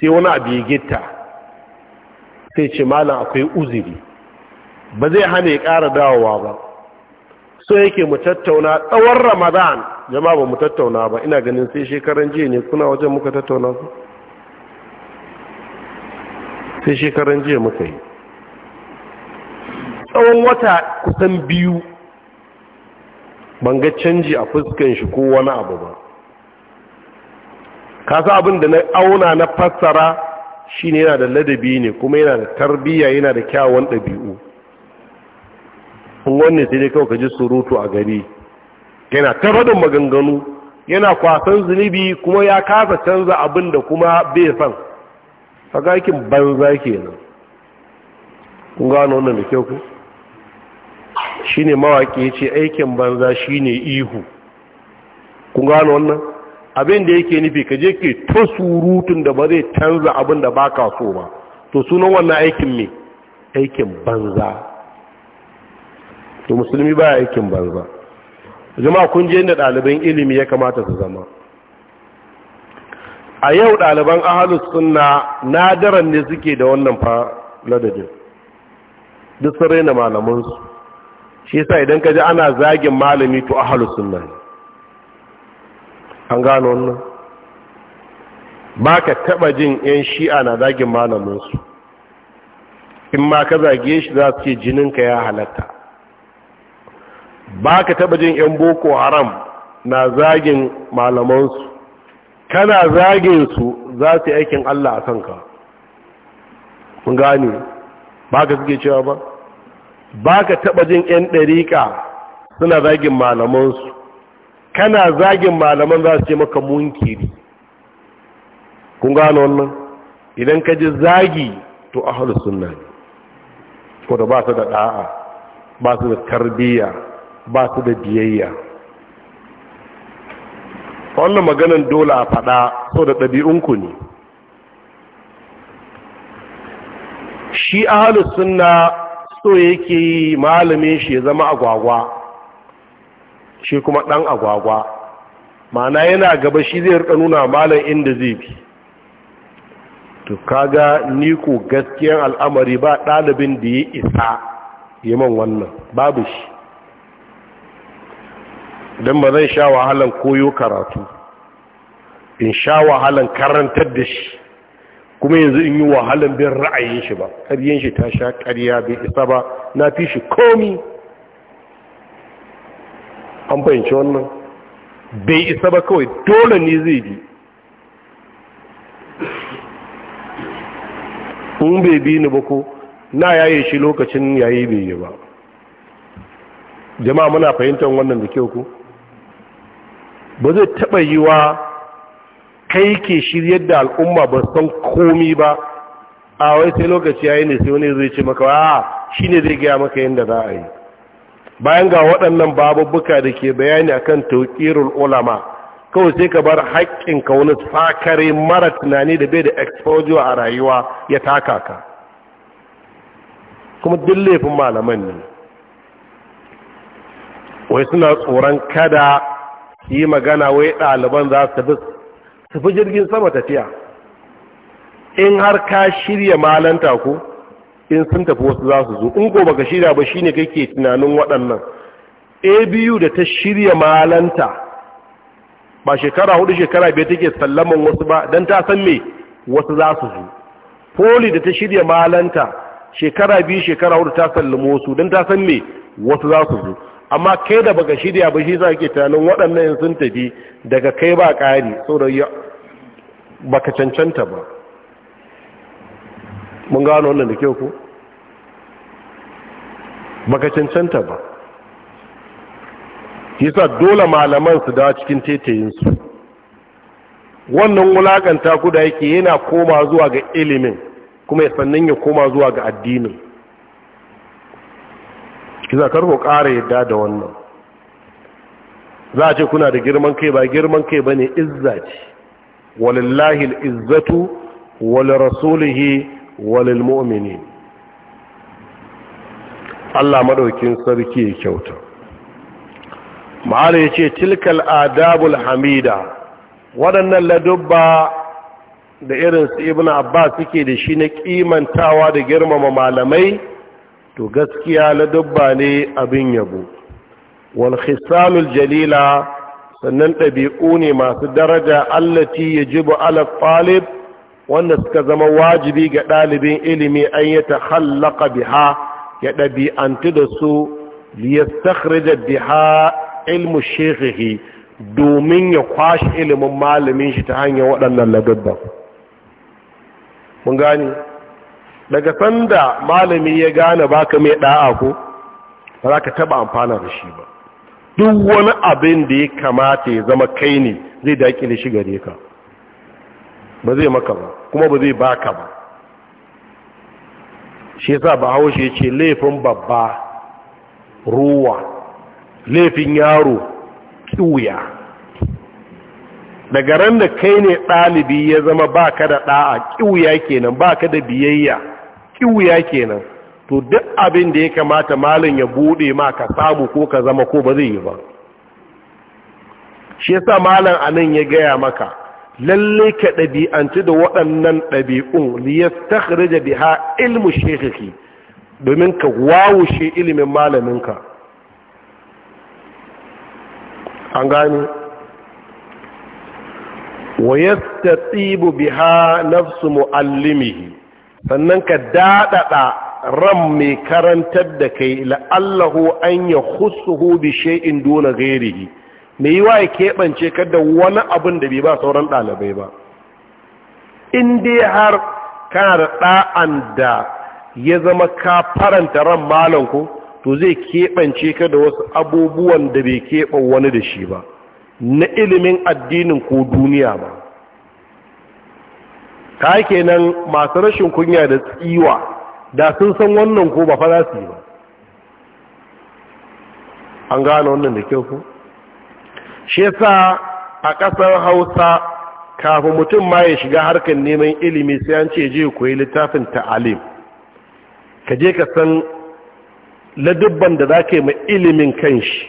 sai wani abu ya gitta sai ce malam akwai uzuri ba zai hana ya ƙara dawowa ba so yake mu tattauna tsawon ramadan jama'a ba mu tattauna ba ina ganin sai shekaran jiya ne kuna wajen muka tattauna ku sai shekaran jiya muka yi tsawon wata kusan biyu ban ga canji a fuskan shi ko wani abu ba kasa abin da na auna na fassara shine yana da ladabi ne kuma yana da tarbiyya yana da kyawun ɗabi'u wannan sai dai kawai ka ji surutu a gari yana tafadin maganganu yana kwasan zunubi kuma ya kasa canza abin da kuma bai san fagakin banza kenan kun gano wannan da kyau ku Shi ne mawaƙi ya ce aikin banza shi ne ihu kun gano wannan abin da yake nufi ka je ke ta surutun da ba zai canza abin da baka so ba to sunan wannan aikin me aikin banza to musulmi baya aikin banza jama'a kun je inda ɗaliban ilimi ya kamata su zama a yau ɗaliban ahalus sunna nadaran ne suke da wannan fa ladadin duk sun raina malamansu shi yasa idan ka ji ana zagin malami to ahlus sunna an gano wannan baka taba jin yan shi'a na zagin malamin in ma ka zage shi za su ce jininka ya halatta baka taba jin yan boko haram na zagin malaman kana zagin su za su yi aikin Allah a kanka mun gane ba ka suke cewa ba ba ka taɓa jin 'yan ɗariƙa suna zagin malamansu kana zagin malaman za su ce maka munkiri kun gano wannan idan ka ji zagi to a halis suna ne ko da ba su da ɗa'a ba su da tarbiyya ba su da biyayya wannan maganin dole a faɗa so da ɗabi'unku ne shi a ahalus suna so yake yi malamin shi ya zama agwagwa shi kuma ɗan agwagwa ma'ana yana gaba shi zai rika nuna malam inda zai bi to kaga ni gaskiyan al'amari ba ɗalibin da ya isa yi man wannan babu shi don ba zai sha wahalan koyo karatu in sha wahalan karantar da shi kuma yanzu in yi wahalar bin ra'ayin shi ba ƙaryen shi ta sha ƙarya bai isa ba na fi shi komi an fahimci wannan bai isa ba kawai dole ne zai bi in bai bi ni ba ko na yaye shi lokacin yayi bai yi ba jama'a muna fahimtar wannan da kyau ku ba zai taɓa yi wa kai ke shiryar da al'umma ba san komi ba a wai sai lokaci ya yi ne sai wani zai ce maka a ne zai gaya maka yadda za a yi bayan ga waɗannan babubuka da ke bayani akan tawqirul ulama kawai sai ka bar haƙƙin ka wani mara tunani da bai da exposure a rayuwa ya taka ka kuma duk laifin malaman ne wai suna tsoron kada yi magana wai ɗaliban za su bi tafi jirgin sama tafiya in har ka shirya malanta ko in sun tafi wasu za su zo in ko baka shirya ba shine kake tunanin waɗannan abu da ta shirya malanta ba shekara hudu shekara biyu take sallaman wasu ba don ta san me wasu za su zo poli da ta shirya malanta shekara biyu shekara hudu ta sallama wasu don ta san me wasu za su zo amma kai da baka shirya ba shi za ke tunanin waɗannan sun tafi daga kai ba ƙari saboda baka cancanta ba mun gano wannan da kyau ko baka cancanta ba yasa dole malaman su da cikin su wannan wulakanta ku da yake yana koma zuwa ga ilimin kuma ya sannan ya koma zuwa ga addinin kiza ku ƙara yadda da wannan za a ce kuna da girman kai ba girman kai ba ne izza ce walillahi al'izzatu wali rasulihi Allah maɗaukin sarki ya kyauta ma'ala ya ce tilkal adabul hamida waɗannan ladubba da irinsu ibn Abba suke da shi na ƙimantawa da girmama malamai to gaskiya ladabba ne abin yabo wal jalila sannan ɗabi'u ne masu daraja allati yajibu ala talib wanda suka zama wajibi ga ɗalibin ilimi an ta hallaka biha ya ɗabi'antu da su liyastakhrija biha ilmu shekhihi domin ya kwashe ilimin malamin shi ta hanyar waɗannan ladabba. mun gani daga sanda malami ya gane baka mai da'a ko ba za ka taba amfana da shi ba duk wani abin da ya kamata ya zama kai ne zai dakile shi gare ka ba zai maka ba kuma ba zai baka ba shi yasa ba haushe ce laifin babba ruwa laifin yaro kiwuya daga ran da kai ne ɗalibi ya zama baka da ɗa'a kiwuya kenan baka da biyayya kiwuya kenan to duk abin da ya kamata malin ya bude ma ka samu ko ka zama ko ba zai yi ba shi yasa malam anan ya gaya maka lalle ka ɗabi'anci da waɗannan ɗabi'un liyastakhrija biha ilmu shekhi domin ka wawushe ilimin malaminka an gani wa yastatibu biha nafsu muallimihi sannan ka daɗaɗa ran mai karantar da kai la'allahu an ya husuhu bi shay'in duna ghairihi mai yi wa ya keɓance ka da wani abin da bai ba sauran ɗalibai ba in dai har kana da ɗa'an da ya zama ka faranta ran malam to zai keɓance ka da wasu abubuwan da bai keɓa wani da shi ba na ilimin addinin ko duniya ba ka nan masu rashin kunya da tsiwa da sun san wannan ko ba fara su yi ba an gane wannan da kyau ko shi sa a ƙasar hausa kafin mutum ma ya shiga harkar neman ilimi sai an ce je koyi littafin ta'alim ka je ka san ladubban da za ka yi ma ilimin kanshi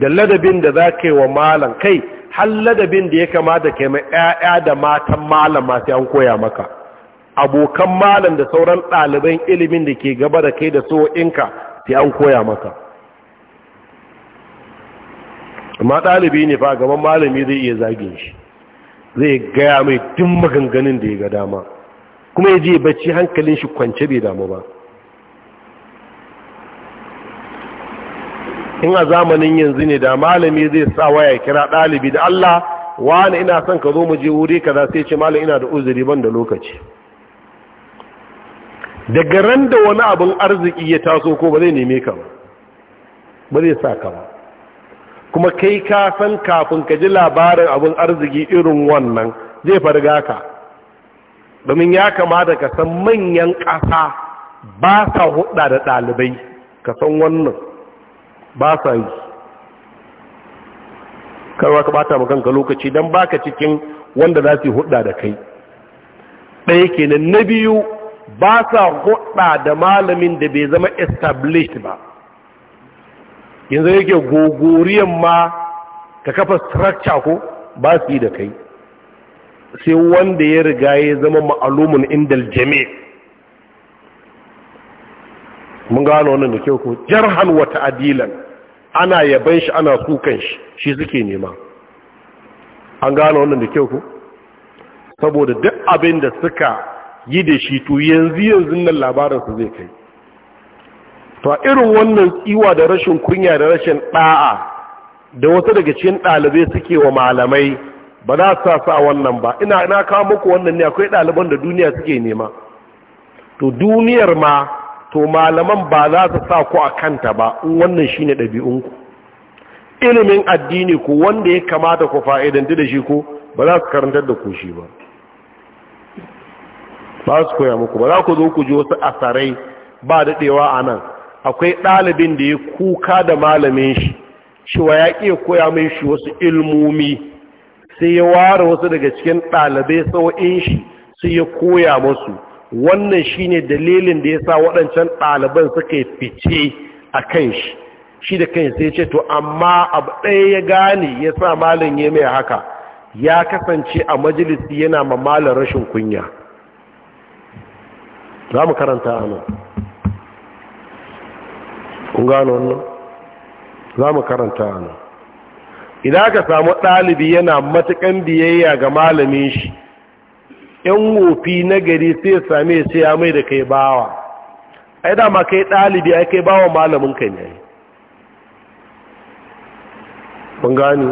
da ladabin da za ka yi wa malam kai halladabin da ya kamata kai mai ƴaƴa da matan malama sai an koya maka abokan malam da sauran ɗaliban ilimin da ke gaba da kai da so'inka sai an koya maka amma ɗalibi ne fa gaban malami zai iya zagin shi zai gaya mai duk maganganun da ya ga dama kuma ya je bacci hankalin shi kwance bai damu ba in a zamanin yanzu ne da malami zai sa waya kira ɗalibi da Allah wani ina son ka zo mu je wuri kaza sai ce malami ina da uzuri ban da lokaci daga ran da wani abin arziki ya taso ko ba zai neme ka ba ba zai sa ka ba kuma kai ka san kafin ka ji labarin abin arziki irin wannan zai farga ka domin ya kamata ka san manyan ƙasa ba sa hudda da ɗalibai ka san wannan ba sa yi karwa ka bata kanka lokaci don baka cikin wanda za su yi hudda da kai ɗaya kenan na biyu ba sa hudda da malamin da bai zama established ba yanzu yake gogoriyan ma ka kafa structure ko ba su yi da kai sai wanda ya riga ya zama ma'alumin indal jami'a mun gano wannan da kyau ko jarhan wa ta'dilan ana yaban shi ana kukan shi shi suke nema an gano wannan da kyau ko saboda duk abin da suka yi da shi to yanzu yanzu nan labarin su zai kai to a irin wannan tsiwa da rashin kunya da rashin da'a da wasu daga cikin ɗalibai suke wa malamai ba za su sa wannan ba ina na kawo muku wannan ne akwai ɗaliban da duniya suke nema to duniyar ma to malaman ba za su sa ku a kanta ba wannan shi ne ɗabi'unku ilimin addini ku wanda ya kamata ku fa'idanti da shi ku ba za su karantar da ku shi ba ba su koya muku ba za ku zo ku ji wasu asarai ba daɗewa a nan akwai ɗalibin da ya kuka da malamin shi cewa ya iya koya mai shi wasu ilmomi sai ya ware wasu daga cikin ɗalibai sau'in shi sai ya koya musu wannan shine dalilin da ya sa waɗancan ɗaliban suka yi fice a kan shi shi da kan sai ce to amma abu ɗaya ya gane ya sa malin ya mai haka ya kasance a majalisi yana ma rashin kunya za mu karanta a kun gano wannan za mu karanta a idan aka samu ɗalibi yana matuƙan biyayya ga malamin shi yan wofi na gari sai same sai ya mai da kai bawa ai dama kai ɗalibi ai kai bawa malamin ka ne kun gani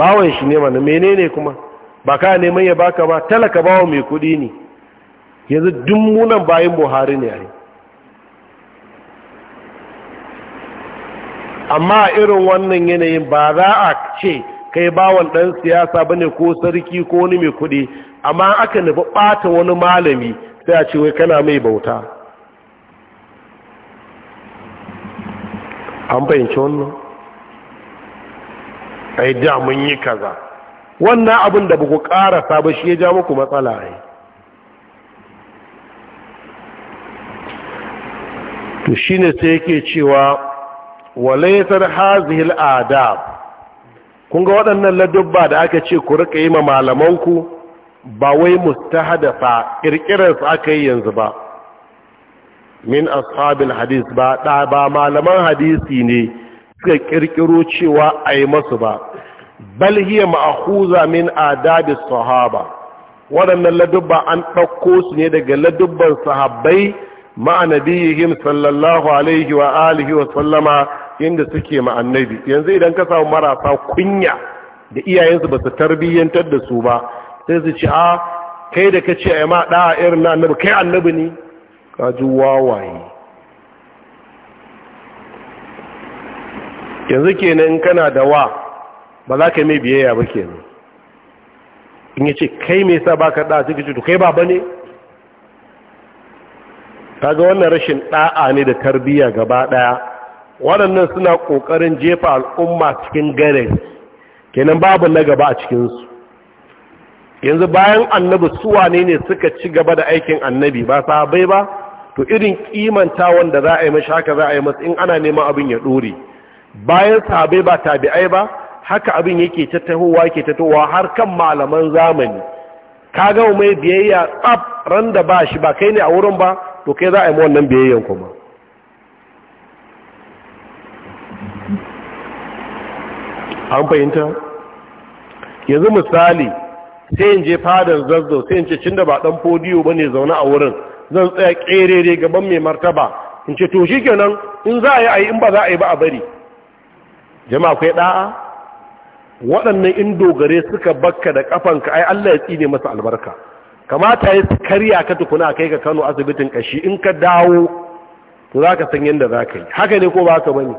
bawan shi ne mana menene kuma ba ka neman ya baka ba talaka bawa mai kuɗi ne yanzu munan bayan buhari ne ai amma irin wannan yanayin ba za a ce kai bawan ɗan siyasa bane ko sarki ko wani mai kuɗi amma aka nufi ɓata wani malami sai a ce wai kana mai bauta an fahimci wannan a da mun yi kaza wannan abin da buku ƙara ƙarasa shi ya ja muku matsala ne to shine sai yake cewa walaisar hazihil adab kun ga waɗannan ladubba da aka ce ku riƙa yi ma malamanku ba wai mustahadafa ƙirƙirarsu aka yi yanzu ba min ashabil hadis ba ɗa ba malaman hadisi ne suka ƙirƙiro cewa a yi masu ba bal hiya ma'ahuza min adabi sahaba waɗannan ladubba an ɗauko su ne daga ladubban sahabbai ma'a sallallahu alaihi wa alihi wa sallama yadda suke ma'annabi yanzu idan ka samu marasa kunya da iyayensu ba su tarbiyyantar da su ba sai su ce a kai da ka ce a ma ɗa irin na annabi kai annabi ne ka ji wawaye yanzu kenan kana da wa ba za ka mai biyayya ba kenan in ya ce kai mai sa ba ka ɗa suke ce to kai ba ne ga wannan rashin ɗa'a ne da tarbiyya gaba ɗaya waɗannan suna ƙoƙarin jefa al'umma cikin gare kenan babu na gaba a cikinsu yanzu bayan annabi suwa ne suka ci gaba da aikin annabi ba sabai ba to irin kimanta wanda za a yi mashi haka za a yi masu in ana neman abin ya ɗore bayan sahabai ba tabi'ai ba haka abin yake ta tahowa ke ta har kan malaman zamani ka gama mai biyayya tsab ran da ba shi ba kai ne a wurin ba to kai za a yi wannan biyayyan kuma an fahimta yanzu misali sai in je fadar zazzau sai in ce cin da ba dan fodiyo ba ne zaune a wurin zan tsaya kerere gaban mai martaba in ce to shi kenan in za a yi a yi in ba za a yi ba a bari jama'a kai ɗa'a waɗannan in dogare suka bakka da ƙafanka ai allah ya tsine masa albarka kamata ya karya ka tukuna kai ka kano asibitin kashi in ka dawo to za san yadda zaka yi haka ne ko ba ka bane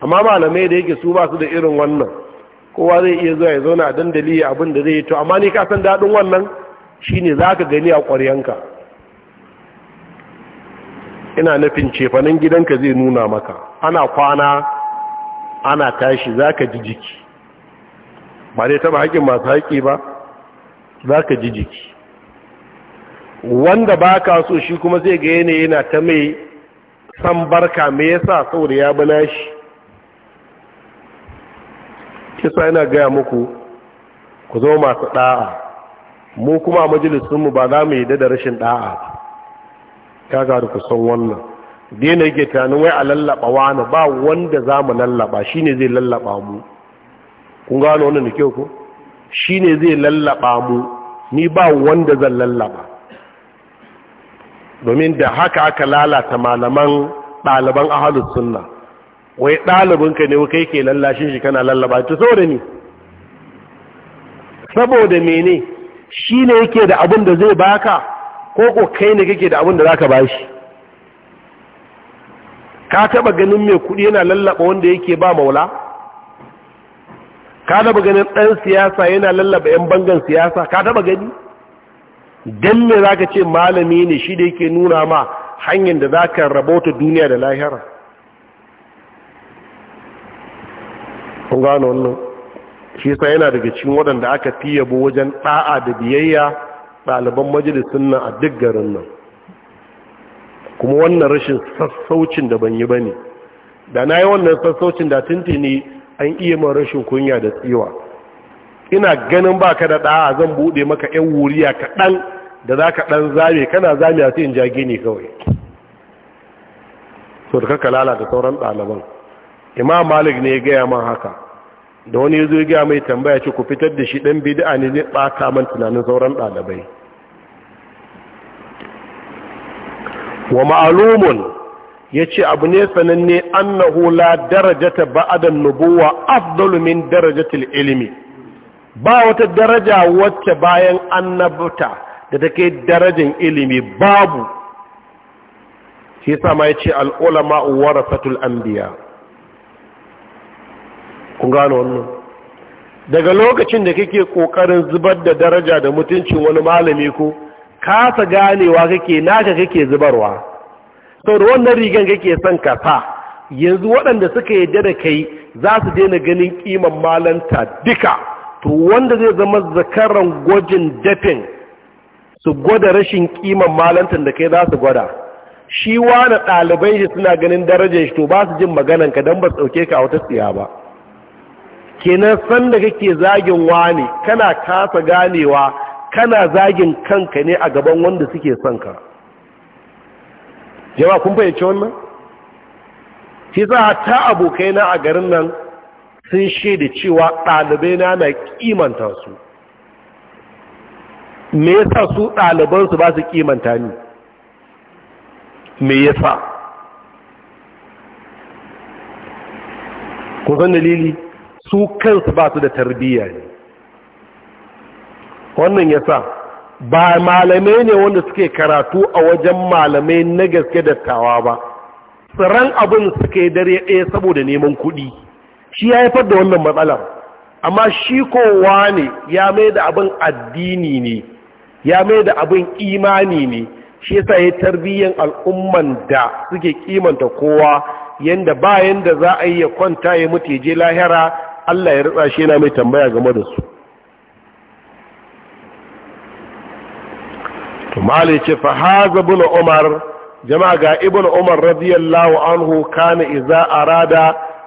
amma malamai da yake su ba su da irin wannan kowa zai iya zuwa ya zauna a dandali abin da zai yi to amma ni ka san daɗin wannan shine za ka gani a ƙwaryanka ina nufin cefanen gidanka zai nuna maka ana kwana ana tashi za ka ji jiki ba dai taba haƙin masu haƙi ba za ka ji jiki wanda ba ka so shi kuma zai ga yana yana ta mai san barka mai yasa saboda ya bi shi sa yana gaya muku ku zama masu ɗa'a mu kuma a majalisunmu ba za mu yi da rashin ɗa'a ta ga da kusan wannan dina yake tunanin wai a lallaba wani ba wanda za mu lallaba shi ne zai lallaba mu kun gano wannan da kyau ko shi ne zai lallaba mu ni ba wanda zan lallaba domin da haka aka lalata malaman ɗaliban ahalus sunna wai ɗalibinka ne kai ke lallashin shi kana lallaba ta so da ni saboda mene shi ne yake da abin da zai baka ko ko kai ne kake da abin da za ka bashi ka taba ganin mai kuɗi yana lallaba wanda yake ba maula ka taba ganin ɗan siyasa yana lallaba 'yan bangan siyasa ka taba gani don me za ka ce malami ne shi da yake nuna ma hanyar da za ka duniya da lahira kun gano wannan shi yana daga cikin waɗanda aka fi yabo wajen ɗa'a da biyayya ɗaliban majalisun nan a duk garin nan kuma wannan rashin sassaucin da ban yi ba ne da na yi wannan sassaucin da tuntuni an iya man rashin kunya da tsiwa ina ganin ba ka da ɗa'a zan buɗe maka ‘yan wuriya kaɗan da za ka ɗan zame kana zame a cikin in ja gini kawai so da kaka lalata sauran ɗaliban imam malik ne ya gaya man haka da wani ya zo ya mai tambaya ce ku fitar da shi ɗan bid'a ne zai ɓata man tunanin sauran ɗalibai wa ma'alumun ya ce abu ne sananne annahu la darajata ba'adan nubuwa afdalu min ilimi ba wata daraja wacce bayan annabta da take darajan ilimi babu shi sama ma yace al ulama warasatul anbiya kun gano wannan daga lokacin da kake kokarin zubar da daraja da mutuncin wani malami ko kasa ganewa kake naka kake zubarwa to da wannan rigan kake son ka sa yanzu waɗanda suka yadda da kai za su daina ganin ƙiman malanta duka to wanda zai zama zakaran gwajin dafin su gwada rashin ƙiman malantan da kai za su gwada shi wani ɗalibai shi suna ganin darajar shi to ba su jin magananka don ba su ɗauke ka a wata tsiya ba kenan sanda kake zagin wani kana kasa ganewa kana zagin kanka ne a gaban wanda suke son ka jama'a kun fahimci wannan shi za ta abokai na a garin nan sun shaida cewa ɗalibai na na kimanta su me yasa su ɗalibansu ba su kimanta ni me yasa kun san dalili su kansu ba su da tarbiyya ne wannan ya sa ba malamai ne wanda suke karatu a wajen malamai na gaske dattawa ba tsiran abin suke dare ɗaya saboda neman kuɗi shi ya haifar da wannan matsalar amma shi kowa ne ya mai da abin addini ne ya mai da abin imani ne shi yasa ya tarbiyyar al'umman da suke kimanta kowa yanda bayan da za a yi ya kwanta ya mutu ya je lahira Allah ya rufa shi yana mai tambaya game da su to ce fa haza ibn umar jama'a ga ibn umar radiyallahu anhu kana idza arada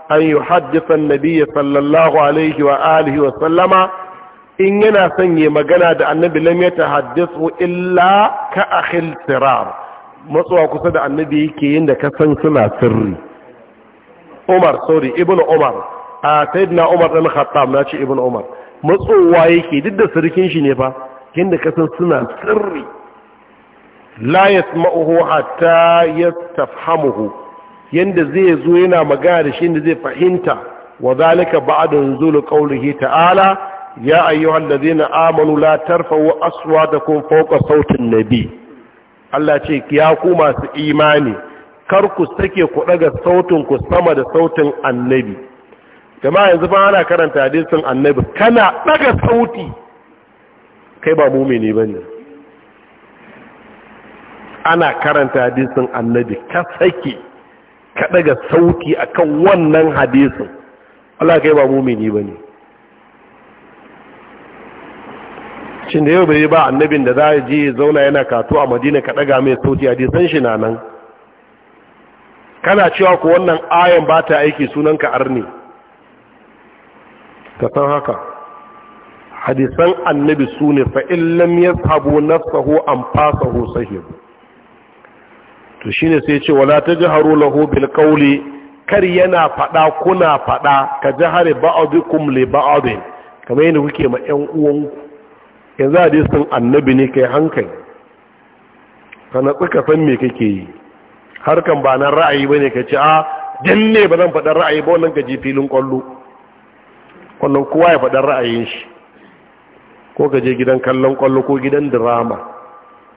an yuhaddisa an-nabiy sallallahu alaihi wa alihi wa sallama in yana son yi magana da annabi lam ya illa ka akhil sirar matsuwa kusa da annabi yake yin da ka san suna sirri umar sorry ibn umar a sayyidina umar ɗan khattab na ce ibn umar matsowa yake duk da sarkin shi ne fa da kasan suna sirri la yasma'uhu hatta yastafhamuhu yanda zai zo yana magana da shi inda zai fahimta wa zalika ba'da nuzul qawlihi ta'ala ya ayyuhal zaina amanu la tarfa'u aswatakum fawqa sautin nabi Allah ce ya ku masu imani kar ku sake ku daga sautin ku sama da sautin annabi jama'a yanzu ba ana karanta hadisin annabi kana daga sauti kai ba mumini bane ana karanta hadisin annabi ka sake ka daga sauti akan wannan hadisin Allah kai ba mumini bane cin da yau bai ba annabin da za a je zauna yana kato a madina ka daga mai sauti hadisan shi na nan kana cewa ku wannan ayan ba ta aiki sunanka arni ka san haka hadisan annabi su ne fa'in lam ya sabo saho an fasahu sahib to shi ne sai ce wala ta jiharo laho bilkauli kar yana fada kuna fada ka jihare ba'abikum li ba'abin kamar yadda kuke ma 'yan uwanku yanzu hadisin annabi ne kai hankali ka na tsika san me kake yi harkan ba nan ra'ayi ba ne ka ce a ah, janne ba zan faɗin ra'ayi ba wannan ka ji filin ƙwallo kwallon kowa ya faɗin ra'ayin shi ko ka je gidan kallon kwallo ko gidan drama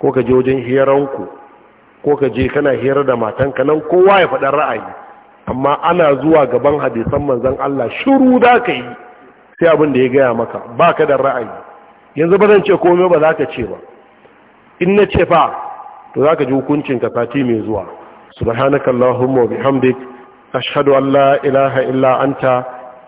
ko ka je wajen hiyaranku ko ka je kana hira da matanka nan kowa ya faɗin ra'ayi amma ana zuwa gaban hadisan manzan Allah shiru za ka yi sai abin da ya gaya maka ba ka da ra'ayi yanzu ba zan ce komai ba za ka ce ba in na ce fa to za ka ji hukuncin ka sati mai zuwa subhanakallahumma wa bihamdik ashhadu an la ilaha illa anta